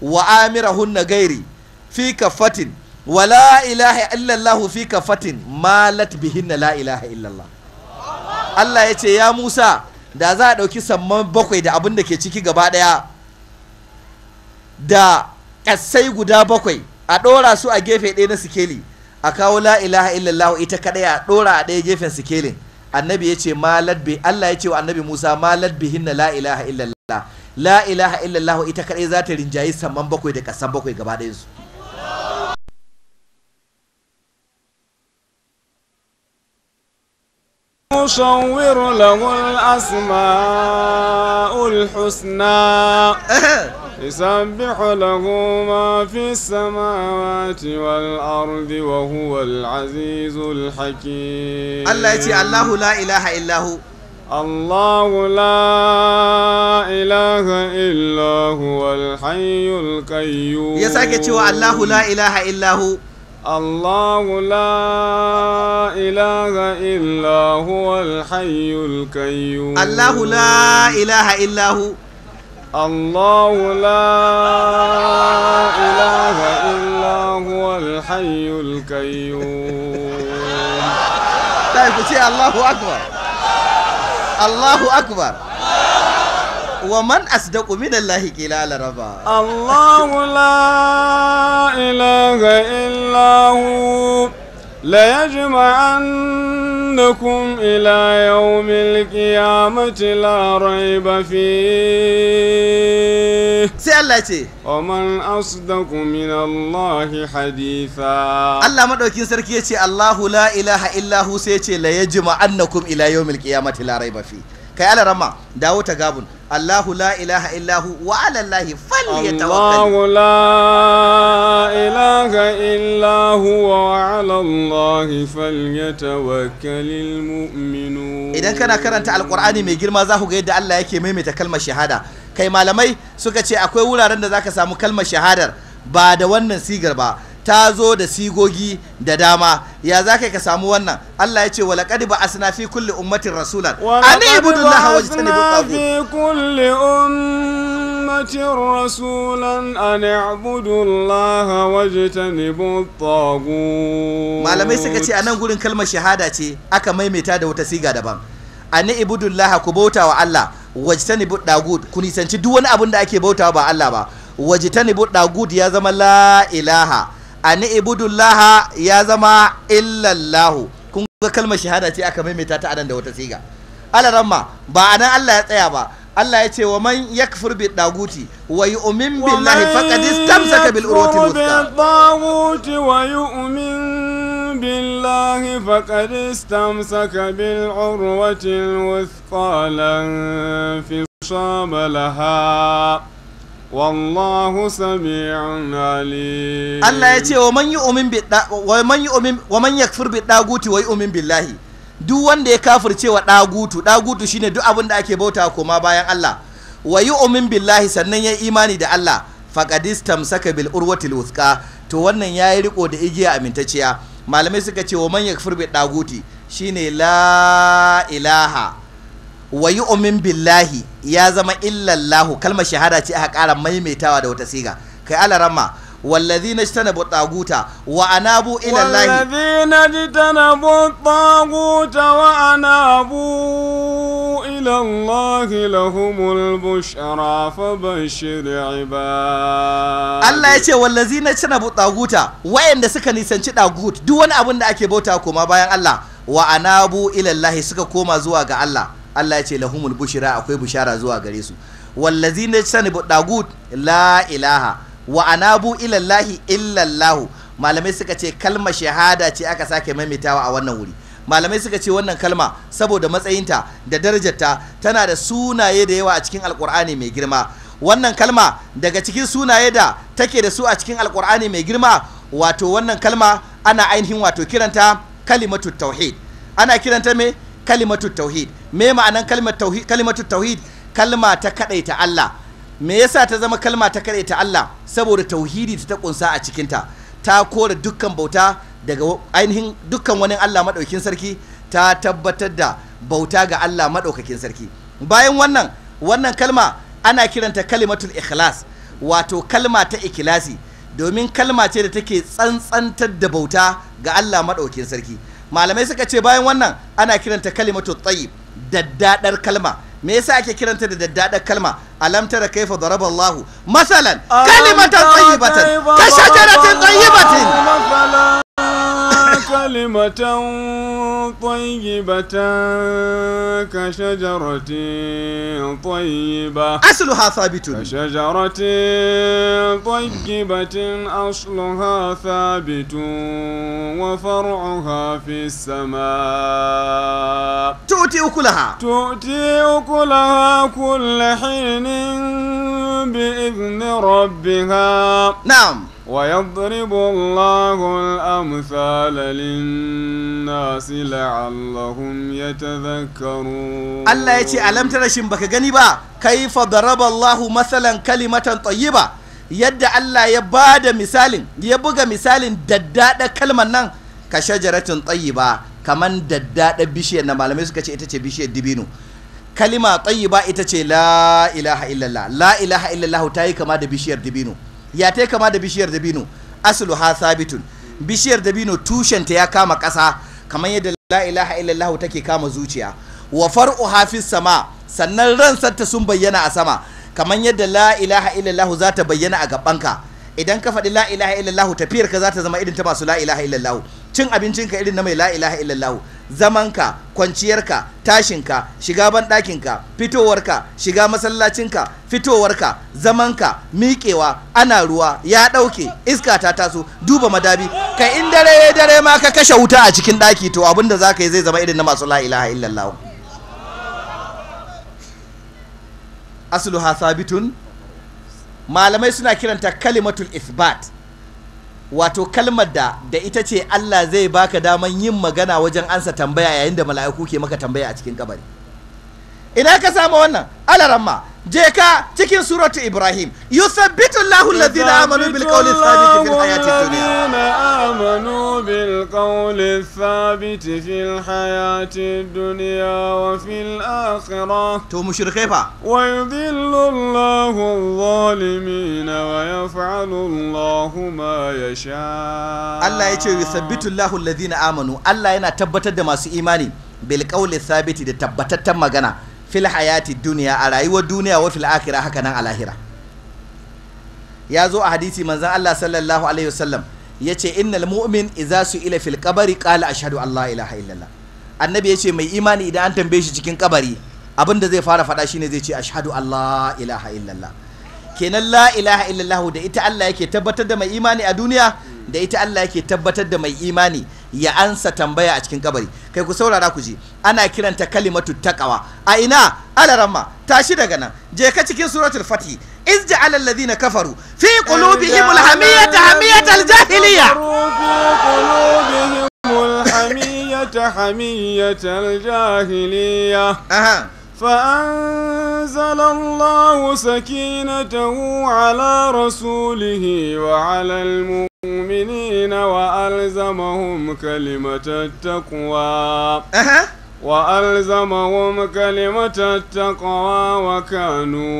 wa amirahun gairi fi kafatin wa la ilaha illallah fi kafatin malat bihinna la ilaha illallah Allah ya ce ya Musa da za a ɗauki samman bakwai da abin da ke ciki gaba ɗaya da kasai guda bakwai a ɗora su a gefe ɗaya na sikeli a kawo la ilaha illallah ita kaɗai a ɗora a ɗaya gefen sikelin annabi ya ce malad Allah ya ce wa annabi Musa malad hinna la ilaha illallah la ilaha illallah ita kaɗai za ta rinjayi saman bakwai da kasan bakwai gaba ɗayan su مصور له الأسماء husna. يسبح له ما في السماوات والأرض وهو العزيز الحكيم الله يتي الله لا إله إلا هو الله لا إله إلا هو الحي القيوم يساك تيوى الله لا إله إلا هو الله لا إله إلا هو الحي القيوم الله لا إله إلا هو الله لا إله إلا هو الحي القيوم طيب شيء الله أكبر الله أكبر ومن أصدق من الله كلا ربا الله لا إله إلا هو ليجمعن أنكم إلى يوم القيامة لا ريب فيه سألتي ومن أصدق من الله حديثا الله مدوكين سركيتي الله لا إله إلا هو سيتي لا يجمعنكم إلى يوم القيامة لا ريب فيه kai alarama dawo ta gabun Allahu la ilaha illahu wa ya falyatawakkal Allahu la ilaha illahu wa ya falyatawakkalil muminu. idan kana karanta alƙur'ani mai girma za ku ga yadda Allah yake maimaita kalmar shahada kai malamai suka ce akwai wuraren da za ka samu kalmar shahadar ba da wannan sigar ba ta zo da sigogi da dama ya za ka samu wannan Allah ya ce wa a suna fi kulli ummatin rasulan an ibudu Allah wajtanibu fi kulli ummatin rasulan an ibudu Allah wajtanibu malamai suka ce a nan gurin kalmar shahada ce aka maimaita da wata siga daban ne ibudu Allah ku bauta wa Allah wajtanibu tagut ku nisanci duk wani abin da ake bauta ba Allah ba wajtanibu gud ya zama la ilaha ani ibudullaha ya zama illallahu kun ga kalmar shahada ce aka maimaita ta anan da wata siga alaramma ba anan Allah ya tsaya ba Allah ya ce wa man yakfur bi daguti wa yu'min billahi faqad istamsaka bil urwati al wa yu'min billahi faqad istamsaka bil urwati fi wallahu sami'un alim Allah ya ce wa man yu'min bi wa wa man yakfur billahi duk wanda ya kafirce wa dagutu dagutu shine duk abin da ake bauta koma bayan Allah wa yu'min billahi sannan ya imani da Allah faqad saka bil urwatil wuthqa to wannan yayi riko da igiya amintaciya malamai suka ce wa man yakfur bi daguti shine la ilaha wa umin billahi ya zama illallahu kalmar shahada ce aka ƙara maimaitawa da wata siga kai alarama والذين اجتنبوا الطاغوت وأنابوا إلى الله والذين اجتنبوا الطاغوت وأنابوا إلى الله لهم البشرى فبشر عباد الله يشي والذين اجتنبوا الطاغوت وين da suka nisanci tagut duk wani abin da ake bauta koma bayan Allah wa anabu ila suka koma zuwa ga Allah Allah ya ce lahumul bushira akwai bushara zuwa gare su wallazi ne sani dagud la ilaha wa anabu ilallahi illallahu malamai suka ce kalma shahada ce aka sake maimaitawa a wannan wuri malamai suka ce wannan kalma saboda matsayinta da darajarta tana da sunaye da yawa a cikin alkur'ani mai girma wannan kalma daga cikin sunaye da take da su a cikin alkur'ani mai girma wato wannan kalma ana ainihin wato kiranta kalimatu tauhid ana kiranta me kalimatu tauhid me ma'anan tauhid kalimatu tauhid kalma ta kadaita Allah me yasa ta zama kalma ta kadaita Allah saboda tauhidi ta kunsa a cikinta ta kore dukkan bauta daga ainihin dukkan wani Allah madaukin sarki ta tabbatar da bauta ga Allah madaukakin sarki bayan wannan wannan kalma ana kiranta kalimatul ikhlas wato kalma ta ikilasi domin kalma ce da take tsantsantar da bauta ga Allah madaukin sarki malamai suka ce bayan wannan ana kiranta kalimatu tsayi daddadar kalma me yasa ake kiranta da daddadar kalma alam tara kaifa daraba allahu masalan kalimatan tsayibatan ka shajaratin كلمة طيبة كشجرة طيبة أصلها ثابت كشجرة طيبة أصلها ثابت وفرعها في السماء تؤتي أكلها تؤتي أكلها كل حين بإذن ربها نعم ويضرب الله الأمثال للناس لعلهم يتذكرون الله يتي ألم ترى شنبك غنيبا كيف ضرب الله مثلا كلمة طيبة يد الله يباد مثال يبقى مثال دداد كلمة نان كشجرة طيبة كمان دداد بشيء نمالمي سكتي إتتي بشيء دبينو kalima tsayi ba ita ce la ilaha illallah la ilaha illallah ta yi kama da bishiyar dibino ya ta kama da bishiyar dabino aslu ha sabitun bishiyar dabino tushenta ya kama kasa kamar yadda la ilaha illallah take kama zuciya wa far'u hafis sama sannan ransarta sun bayyana a sama kamar yadda la ilaha illallah za ta bayyana a gabanka idan ka faɗi la ilaha illallah tafiyar ka za ta zama irin ta masu la ilaha illallah cin abincinka irin na mai la ilaha illallah zamanka kwanciyarka tashinka shiga banɗakinka fitowarka shiga masallacinka fitowarka zamanka miƙewa ana ruwa ya ɗauke iska ta taso duba madabi ka in dare ya dare ma ka kashe wuta a cikin ɗaki to abin da za ka yi zai zama irin na masu la'ilaha illallah asluha sabitun malamai suna kiranta kalimatul isbat wato kalmar da da ita ce Allah zai baka daman yin magana wajen ansa tambaya yayin da mala'iku ke maka tambaya a cikin kabari ina ka samu wannan alarama je ka cikin suratu ibrahim yuthabbitu allahu alladhina amanu bil qawli thabiti fil hayati dunya amanu fil hayati wa fil akhirah to mushrikai fa wa yudhillu allahu adh-dhalimin wa yaf'alu allahu ma yasha Allah yace yuthabbitu allahu alladhina amanu Allah yana tabbatar da masu imani bil qawli da tabbatattan magana fil hayati duniya a rayuwar duniya wa fil akhira haka nan a lahira ya zo a hadisi manzon Allah sallallahu alaihi wasallam yace innal mu'min idza su'ila fil qabri qala ashhadu an la ilaha illallah annabi yace mai imani idan an tambaye shi cikin kabari abinda zai fara faɗa shine zai ce ashhadu an la ilaha illallah kenan la ilaha illallah da ita Allah yake tabbatar da mai imani a duniya da ita Allah yake tabbatar da mai imani ya ansa tambaya a cikin kabari kai ku saurara ku ji ana kiranta kalimatu taqwa a ina alarama tashi daga nan je ka cikin suratul fatih iz ja'ala alladhina kafaru fi qulubihim alhamiyata hamiyatal jahiliya فأنزل الله سكينته على رسوله وعلى المؤمنين المؤمنين وألزمهم كلمة التقوى وألزمهم كلمة التقوى وكانوا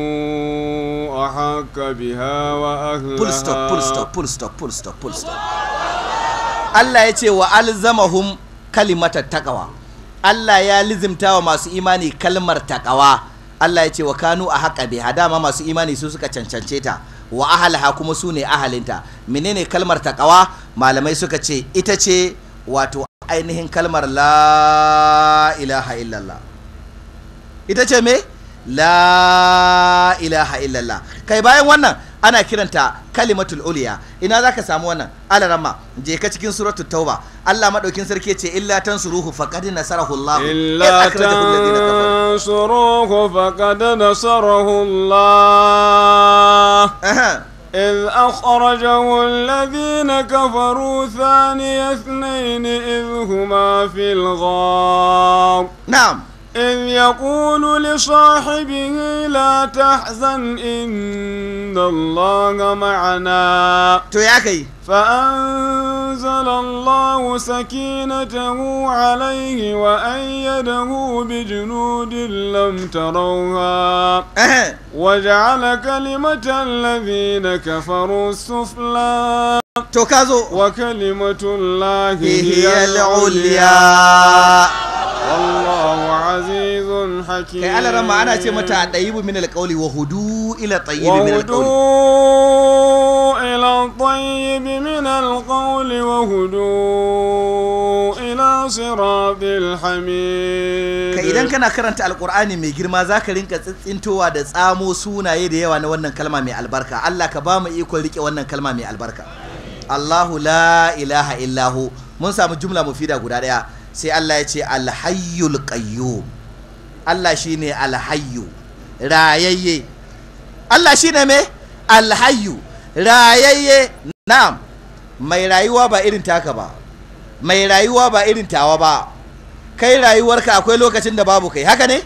أحق بها وأهلها Allah ya ce wa alzamahum kalimata takawa Allah ya lizimta wa masu imani kalmar takawa Allah ya ce wa kanu a haƙa biha ma masu imani su suka cancance ta wa ahalaha kuma su ne ahalinta menene kalmar taqawa malamai suka ce ita ce wato ainihin kalmar la ilaha illallah ita ce me la ilaha illallah kai bayan wannan ana kiranta kalimatul uliya ina zaka samu wannan alarama je ka cikin suratul tauba Allah maɗaukin sarki ce illa tansuruhu faqad nasarahu Allah illa tansuruhu faqad nasarahu Allah إذ أخرجه الذين كفروا ثاني اثنين إذ هما في الغار نعم إذ يقول لصاحبه لا تحزن إن الله معنا فأنزل الله سكينته عليه وأيده بجنود لم تروها وجعل كلمة الذين كفروا السفلى وكلمة الله هي العليا والله azizun hakim kai alaran ma ana ce mata dayibu min alqawli wa hudu ila tayyibi min alqawli ila tayyibi min alqawli wa hudu ila siratil hamid kai idan kana karanta alqur'ani mai girma zaka rinka tsintsintowa da tsamo sunaye da yawa na wannan kalma mai albarka Allah ka ba mu ikon rike wannan kalma mai albarka Allahu la ilaha illahu mun samu jumla mufida guda daya sai Allah ya ce alhayyul qayyum Allah shine alhayyu rayayye Allah shine me alhayyu rayayye na'am mai rayuwa ba irin taka ba mai rayuwa ba irin tawa ba kai rayuwarka akwai lokacin da babu kai haka ne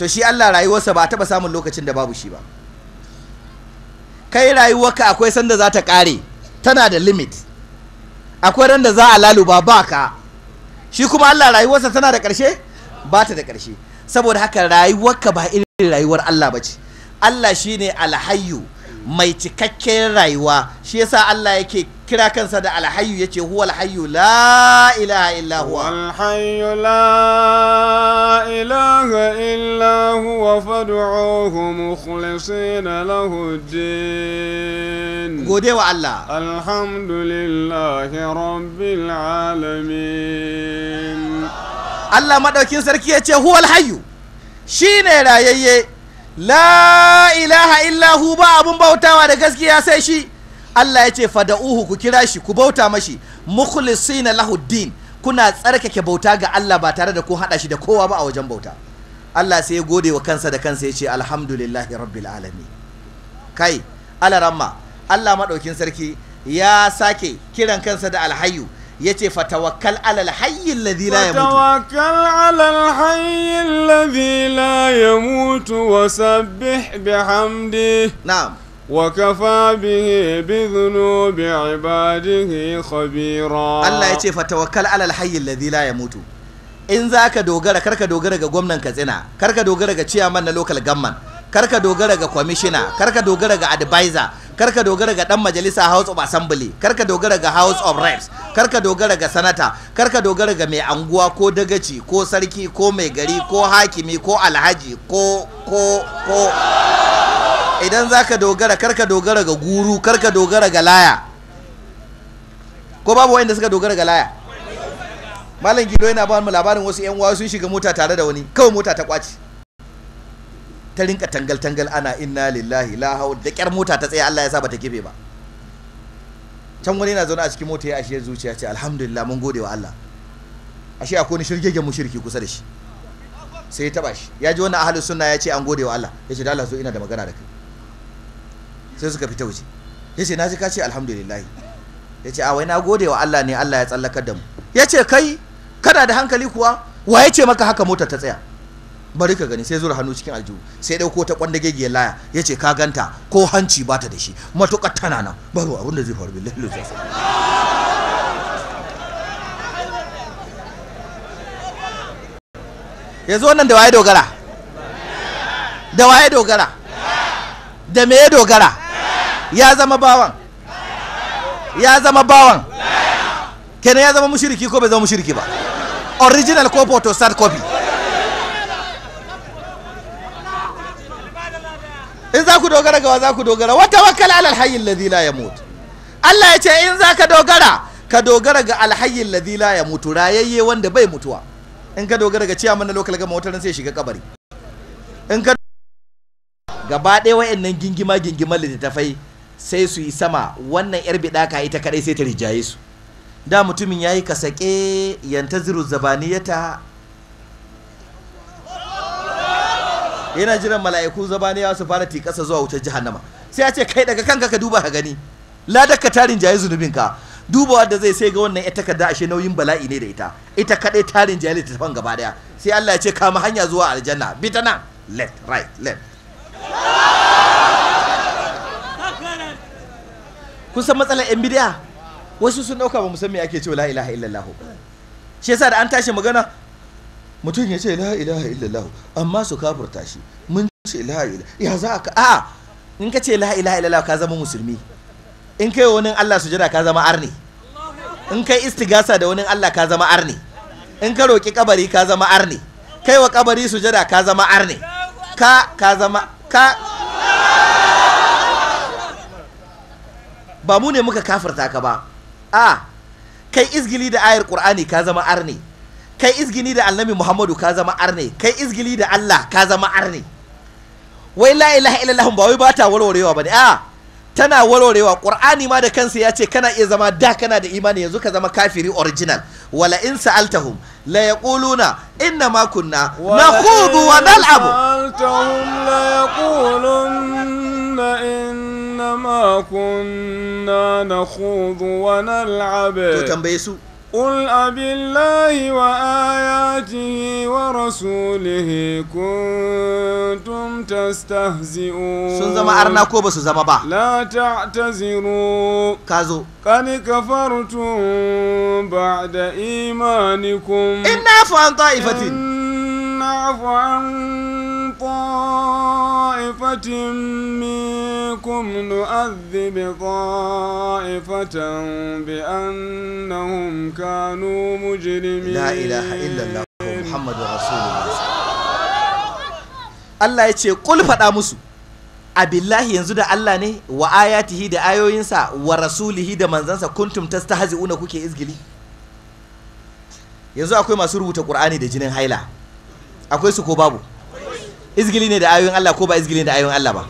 to shi Allah rayuwarsa ba taɓa samun lokacin da babu shi ba kai rayuwarka akwai sanda za ta ƙare tana da limit akwai randa za a laluba ba ka shi kuma Allah rayuwarsa tana da ƙarshe ba ta da ƙarshe saboda haka rayuwarka ba irin rayuwar Allah bace ce Allah shine alhayyu mai cikakken rayuwa shi yasa Allah yake kira kansa da Alhayu yace huwa Alhayu la ilaha illa huwa Alhayu la ilaha illa huwa fad'uhu mukhlisina lahu din gode wa Allah alhamdulillahi rabbil alamin Allah madaukin sarki yace huwa alhayyu shine rayayye la ilaha illa hu ba abun bautawa da gaskiya sai shi Allah ya ce fada'uhu ku kira shi ku bauta mashi mukhlisina lahuddin kuna tsarkake bauta ga Allah ba tare da ko hada shi da kowa ba a wajen bauta Allah sai ya gode wa kansa da kansa ya ce alhamdulillahi rabbil alamin kai alaramma Allah madaukin sarki ya sake kiran kansa da alhayyu yace fatawakkal alal hayyi alladhi la yamutu fatawakkal alal hayyi alladhi la yamutu bihamdi na'am وكفى به بذنوب عباده خبيرا الله يتي فتوكل على الحي الذي لا يموت in za ka dogara karka dogara ga gwamnan katsina karka dogara ga ciyaman na local gamman karka dogara ga kwamishina karka dogara ga advisor karka dogara ga ɗan majalisa house of assembly karka dogara ga house of reps karka dogara ga sanata karka dogara ga mai anguwa ko dagaci ko sarki ko mai gari ko hakimi ko alhaji ko ko ko idan za ka dogara karka dogara ga guru karka dogara ga laya ko babu wanda suka dogara ga laya malam gido yana ba mu labarin wasu yan wasu sun shiga mota tare da wani kawai mota ta kwaci ta rinka tangal tangal ana inna lillahi la haw da kyar mota ta tsaya Allah ya sa bata kife ba can wani yana zaune a cikin mota ya ashe zuciya ce alhamdulillah mun gode wa Allah ashe akwai wani shirgegen mushirki kusa da shi sai ya taba shi ya ji wannan ahlus sunna ya ce an gode wa Allah ya ce da Allah zo ina da magana da kai sai suka fita waje ya ce na ji ka ce alhamdulillah ya ce a wai na gode wa Allah ne Allah ya tsallakar da mu ya ce kai kana da hankali kuwa wa ya ce maka haka mota ta tsaya bari ka gani sai zura hannu cikin aljihu sai ɗauko ta kwanda kwandagegiyar laya ya ce ka ganta ko hanci ba ta da shi matuƙar tana nan babu abin da zai faru billahi lusa yanzu wannan da waye dogara da waye dogara da me ya dogara ya zama bawan ya zama bawan kenan ya zama mushiriki ko bai zama mushiriki ba original ko photo sad copy in za ku dogara gawa za ku dogara wata wakala alal hayyin ladhi la yamut Allah ya ce in za ka dogara ka dogara ga alhayin ladhi la yamut rayayye wanda bai mutuwa in ka dogara ga cewa mana lokal gama wataran sai shiga kabari in ka gaba ɗaya wa'annan gingima gingima littattafai sai su yi sama wannan yar bidaka ita kadai sai ta rijaye su da mutumin yayi kasake yantaziru zabaniyata yana jiran mala'iku zabaniya su fara kasa zuwa wutar jahannama sai ya ce kai daga kanka ka duba ka gani daka tarin jaye zunubin ka dubawa da zai sai ga wannan ita takarda ashe nauyin bala'i ne da ita ita kadai tarin jaye ta tafan gaba daya sai Allah ya ce kama hanya zuwa aljanna bitana left right left kun san matsalar yan bid'a wasu sun dauka ba musamman ake cewa la ilaha illallah shi yasa da an tashi magana mutum ya ce la ilaha illallah amma su kafurta shi mun ce la ilaha ya za ka a in ka ce la ilaha illallah ka zama musulmi in kai wani Allah sujada ka zama arni in kai istigasa da wani Allah ka zama arni in ka roki kabari ka zama arni kai wa kabari sujada ka zama arni ka ka zama ka ba mu ne muka kafirta ka ba a kai izgili da ayar qur'ani ka zama arne kai izgili da annabi muhammadu ka zama arne kai izgili da allah ka zama arne wai la ilaha illallah ba wai ba ta warwarewa bane a tana warwarewa qur'ani ma da kansa ya ce kana iya zama da kana da imani yanzu ka zama kafiri original wala in sa'altahum la yaquluna inna ma kunna nakhudu wa nal'abu la yaquluna ما كنا نخوض ونلعب قل أب الله وآياته ورسوله كنتم تستهزئون لا تعتذروا كازو قد كفرتم بعد إيمانكم إن عفوا عن طائفة إن عفوا عن طائفة منكم نؤذب طائفة بأنهم كانوا مجرمين لا إله إلا الله محمد رسول الله Allah ya ce kul faɗa musu a billahi yanzu da Allah ne wa ayatihi da ayoyinsa wa rasulihi da manzansa kuntum tastahzi'una kuke izgili yanzu akwai masu rubuta ƙurani da jinin haila akwai su ko babu izgili ne da ayoyin Allah ko ba izgili da ayoyin Allah ba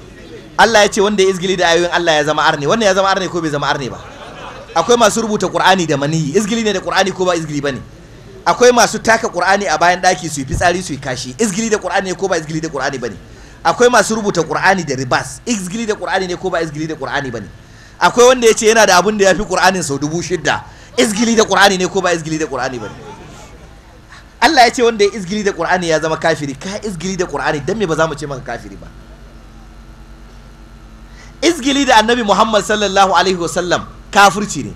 Allah ya ce wanda ya izgili da ayoyin Allah ya zama arne wannan ya zama arne ko bai zama arne ba akwai masu rubuta Qur'ani da manihi izgili ne da Qur'ani ko ba izgili bane akwai masu taka Qur'ani a bayan daki su yi fitsari su yi kashi izgili da Qur'ani ne ko ba izgili da Qur'ani bane akwai masu rubuta Qur'ani da ribas izgili da Qur'ani ne ko ba izgili da Qur'ani bane akwai wanda ya ce yana da abin da ya fi Qur'anin sau dubu shidda izgili da Qur'ani ne ko ba izgili da Qur'ani bane Allah ya ce wanda ya izgiri da Qur'ani ya zama kafiri ka izgiri da Qur'ani dan me ba za mu ce maka kafiri ba izgili da annabi Muhammad sallallahu alaihi wasallam kafirci ne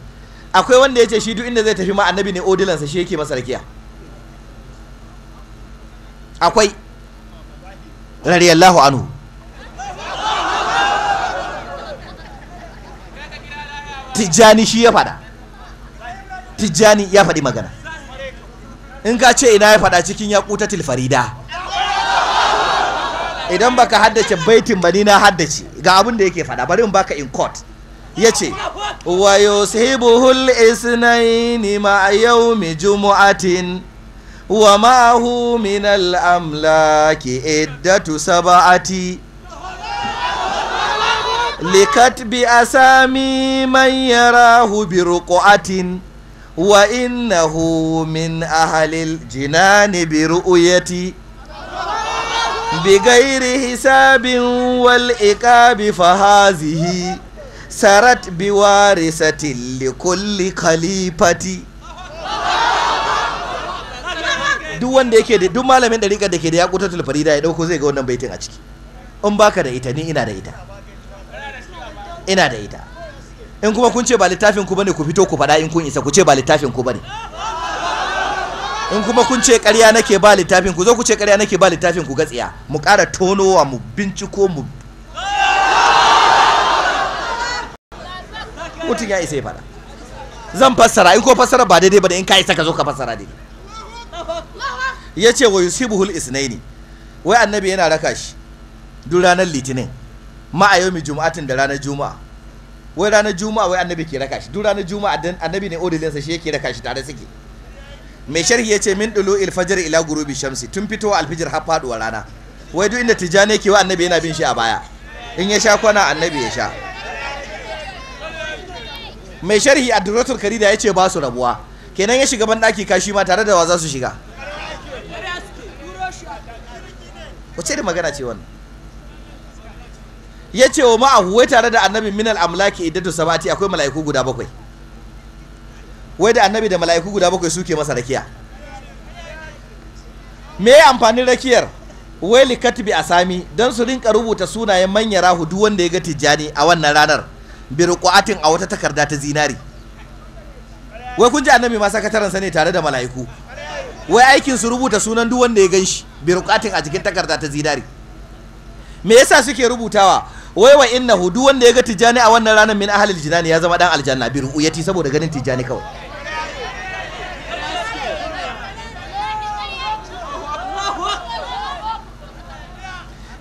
akwai wanda ya ce shi duk inda zai tafi ma annabi ne odilansa shi yake masa rakiya akwai radiyallahu anhu tijjani shi ya faɗa tijjani ya faɗi magana in ka ce ina ya faɗa cikin ya kuta tilfarida idan baka haddace baitin ba ni na haddace ga abin da yake faɗa bari in baka in court yace sahibu hul isnaini ma yaumi jumu'atin wa hu min al-amlaki iddatu sab'ati likatbi asami man yarahu bi ruqatin wa hu min ahalil jinani bi ru'yati bi ghairi hisabin wal iqabi fa hazihi sarat bi warisatin kulli khalifati duk wanda yake da duk malamin dariƙar da ke da yaƙutatul farida ya dauko zai ga wannan baitin a ciki in baka da ita ni ina da ita ina da ita in kuma kun ce ba littafin ku bane ku fito ku faɗa in kun isa ku ce ba littafin ku bane in kuma kun ce ƙarya nake ba littafin ku zo ku ce ƙarya nake ba littafin ku gatsiya mu ƙara tonowa mu binciko mu mutum ya isa ya faɗa zan fassara in ko fassara ba daidai ba da in ka isa ka zo ka fassara daidai ya ce wa yusibuhul isnaini wai annabi yana raka shi duk ranar litinin ma'ayomi juma'atin da ranar juma'a wai ranar juma'a wai annabi ke raka shi duk ranar juma'a dan annabi ne odilinsa shi yake raka shi tare suke mai sharhi ya ce min dulu ilfajar ila gurubi shamsi tun fitowa alfijir har faduwa rana wai duk inda tijjani ke wa annabi yana bin shi a baya in ya sha kwana annabi ya sha mai sharhi a duratul karida ya ce ba su rabuwa kenan ya shiga banɗaki kashi ma tare da wa za su shiga wace da magana ce wannan ya ce wa ma'ahu wai tare da annabi minal amlaki iddatu sabati akwai mala'iku guda bakwai wai da annabi da mala'iku guda bakwai suke masa rakiya me ya amfanin rakiyar wai likatibi sami don su rinka rubuta sunayen manyan rahu duk wanda ya ga tijjani a wannan ranar birkuatin a wata takarda ta zinari wai kun ji annabi ma sakataransa ne tare da mala'iku wai aikin su rubuta sunan duk wanda ya gan shi birkuatin a jikin takarda ta zinari me yasa suke rubutawa wai wa inna hudu wanda ya ga tijjani a wannan ranar min ahalil jinani ya zama dan aljanna bi ru'uyati saboda ganin tijjani kawai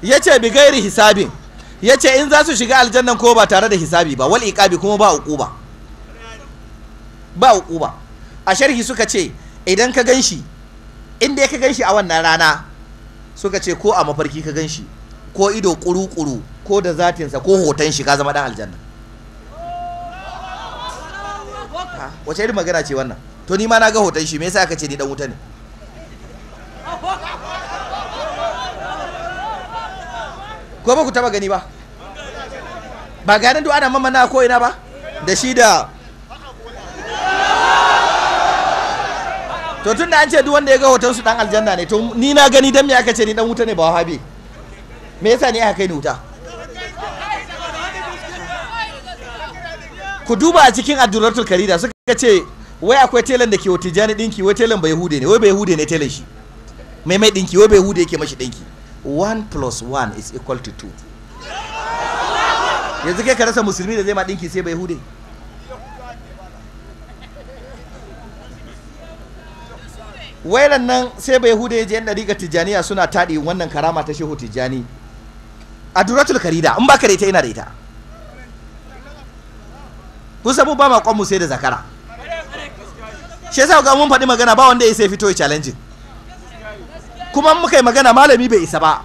yace bi gairi hisabin yace in za su shiga aljannan ko ba tare da hisabi ba wal iqabi kuma ba uquba ba uquba a sharhi suka ce idan ka ganshi inda ka ganshi a wannan rana suka ce ko a mafarki ka ganshi ko ido kuru-kuru ko da zatinsa ko hoton shi ka zama dan aljanna wace irin magana ce wannan to ni ma na ga hoton shi me yasa aka ce ni dan wuta ne ko ba ku taba gani ba ba ganin duk ana mamana ko ina ba da shi da to tun da an ce duk wanda ya ga hoton su dan aljanna ne to ni na gani dan me aka ce ni dan wuta ne ba wahabi me yasa ne aka kai ni wuta ku duba a cikin adduratul karida suka ce wai akwai telan da ke wa tijani dinki wai telan bai hude ne wai bai hude ne telan shi mai mai dinki wai bai hude yake mashi dinki 1 plus 1 is equal to 2 yanzu kai ka rasa musulmi da zai ma dinki sai bai hude wailan nan sai bai hude ya je yan dariƙa tijaniya suna taɗi wannan karama ta shehu tijani. a duratul karida in baka da ita ina da ita kun samu ba makon mu sai da zakara shi yasa ga mun faɗi magana ba wanda ya sai fito challenge kuma muka yi magana malami bai isa ba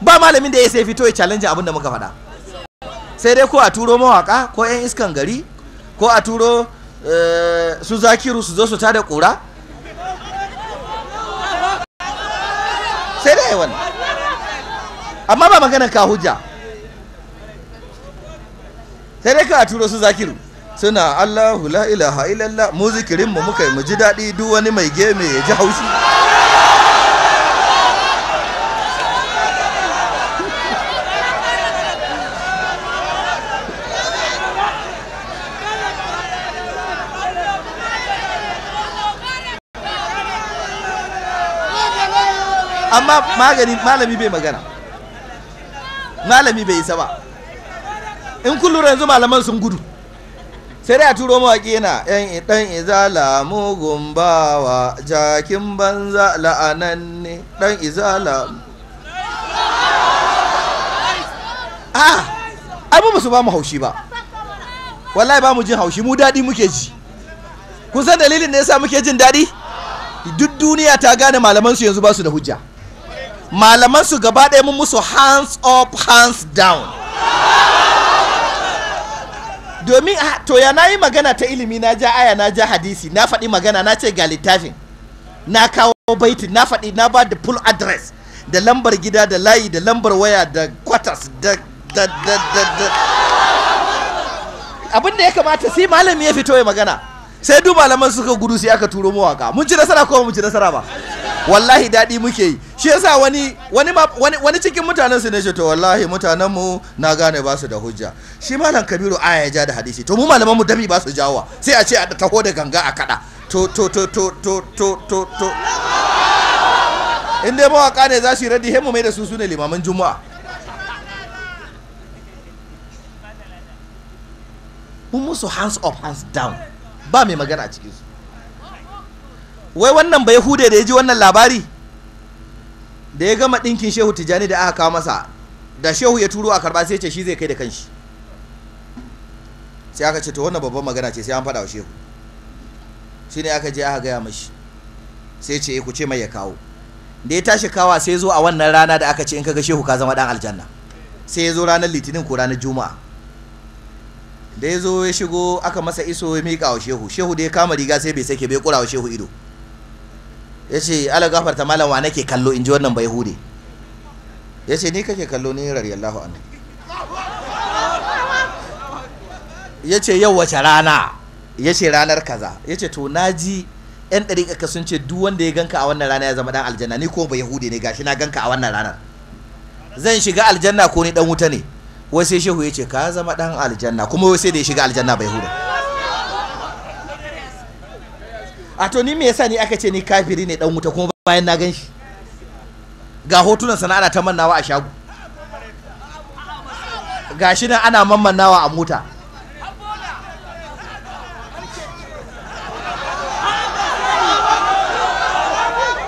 ba malamin da ya sai fito ya challenge abin da muka faɗa sai dai ko a turo mawaka ko yan iskan gari ko a turo eh, su zakiru su zo su tada kura sai dai wannan amma ba magana ka hujja sai dai ka turo su zakiru suna Allahu la ilaha illallah mu zikirin mu muka yi mu ji daɗi duk wani mai geme ya ji haushi amma magani malami bai magana malami bai isa ba in kullum yanzu malaman sun gudu sai dai a turo mawaƙi yana yan dan izala mu gumbawa jakin banza la'ananne dan izala a abu ah, ba su ba mu haushi ba wallahi ba mu jin haushi mu daɗi muke ji kun san dalilin da yasa muke jin daɗi duk duniya ta gane malaman su yanzu ba su da hujja malaman su gaba ɗaya mun musu hands up hands down domin ah, to ya na yi magana ta ilimi na ja aya na ja hadisi na faɗi magana na ce ga littafin na kawo baiti na faɗi na ba da full address da lambar gida da layi da lambar waya da kwatas da da da da abin da ya kamata sai malami ya fito ya magana sai duk malaman suka gudu sai aka turo mawaka mun ci nasara ko mun ci nasara ba wallahi daɗi muke yi shi yasa wani wani wani, wani cikin mutanen su ne shi? to wallahi mutanen mu na gane ba su da hujja shi malam kabiru aya ya ja da hadisi to mu malaman mu dami ba su jawa sai a ce a taho da ganga a kada to to to to to to to to in dai mawaka ne za su yi he mu mai da su su ne limaman juma'a mun musu hands up hands down ba mai magana a cikinsu wai wannan ba yahude da ya ji wannan labari da ya gama ɗinkin shehu tijjani da aka kawo masa da shehu ya turo a karba sai ce shi zai kai da kanshi sai aka ce to wannan babban magana ce sai an faɗa wa shehu shi ne aka je aka gaya mashi sai ce eh, ku ce mai ya kawo da ya tashi kawa sai zo a wannan rana da aka ce in ka ga shehu ka zama dan aljanna sai ya zo ranar litinin ko ranar juma'a da ya zo ya shigo aka masa iso ya miƙa wa shehu shehu da ya kama riga sai bai sake bai kura wa shehu ido ya ce ala gafarta malam wa nake kallo in ji wannan bai hude ya ce ni kake kallo ni allahu anhu ya ce yau wace rana ya ce ranar kaza ya ce to na ji yan ɗariƙa sun ce duk wanda ya ganka a wannan rana ya zama ɗan aljanna ni ko bai hude ne gashi na ganka a wannan ranar zan shiga aljanna ko ni ɗan wuta ne wai sai shehu ya ce ka zama dan aljanna kuma wai sai da ya shiga aljanna bai huda a to ni me yasa ni aka ce ni kafiri ne dan wuta kuma bayan na gan shi ga hotunan sana'a ta mannawa a shago ga shi nan ana mammannawa a mota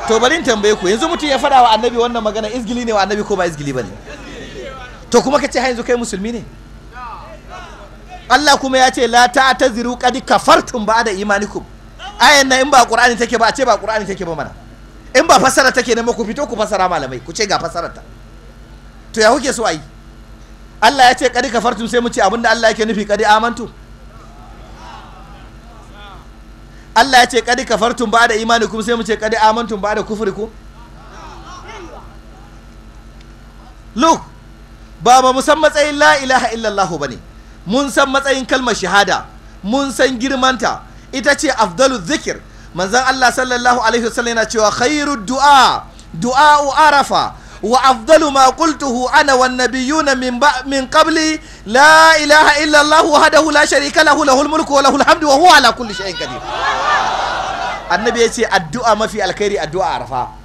to bari in tambaye ku yanzu mutum ya faɗa wa annabi wannan magana izgili ne wa annabi ko ba izgili ba ne to kuma ka ce har yanzu kai musulmi ne Allah kuma ya ce la ta ta ziru kadi kafartum ba da imanikum ayan nan in ba qur'ani take ba a ce ba qur'ani take ba mana in ba fasara take ne ku fito ku fasara malamai ku ce ga fasarar ta to ya kuke so ayi Allah ya ce kadi kafartum sai mu ce abinda Allah yake nufi kadi amantu Allah ya ce kadi kafartum ba da imanikum sai mu ce kadi amantum ba da kufrikum look ba ba mu san matsayin la ilaha illallahu bane mun san matsayin kalmar shahada mun san girmanta ita ce afdalu zikir manzon Allah sallallahu alaihi wasallam yana cewa khairu du'a du'a'u arafa wa afdalu ma qultuhu ana wan nabiyuna min ba min qabli la ilaha illa wahdahu la sharika lahu lahul mulku wa lahul hamdu wa huwa ala kulli shay'in qadir annabi yace addu'a mafi alkhairi addu'a arafa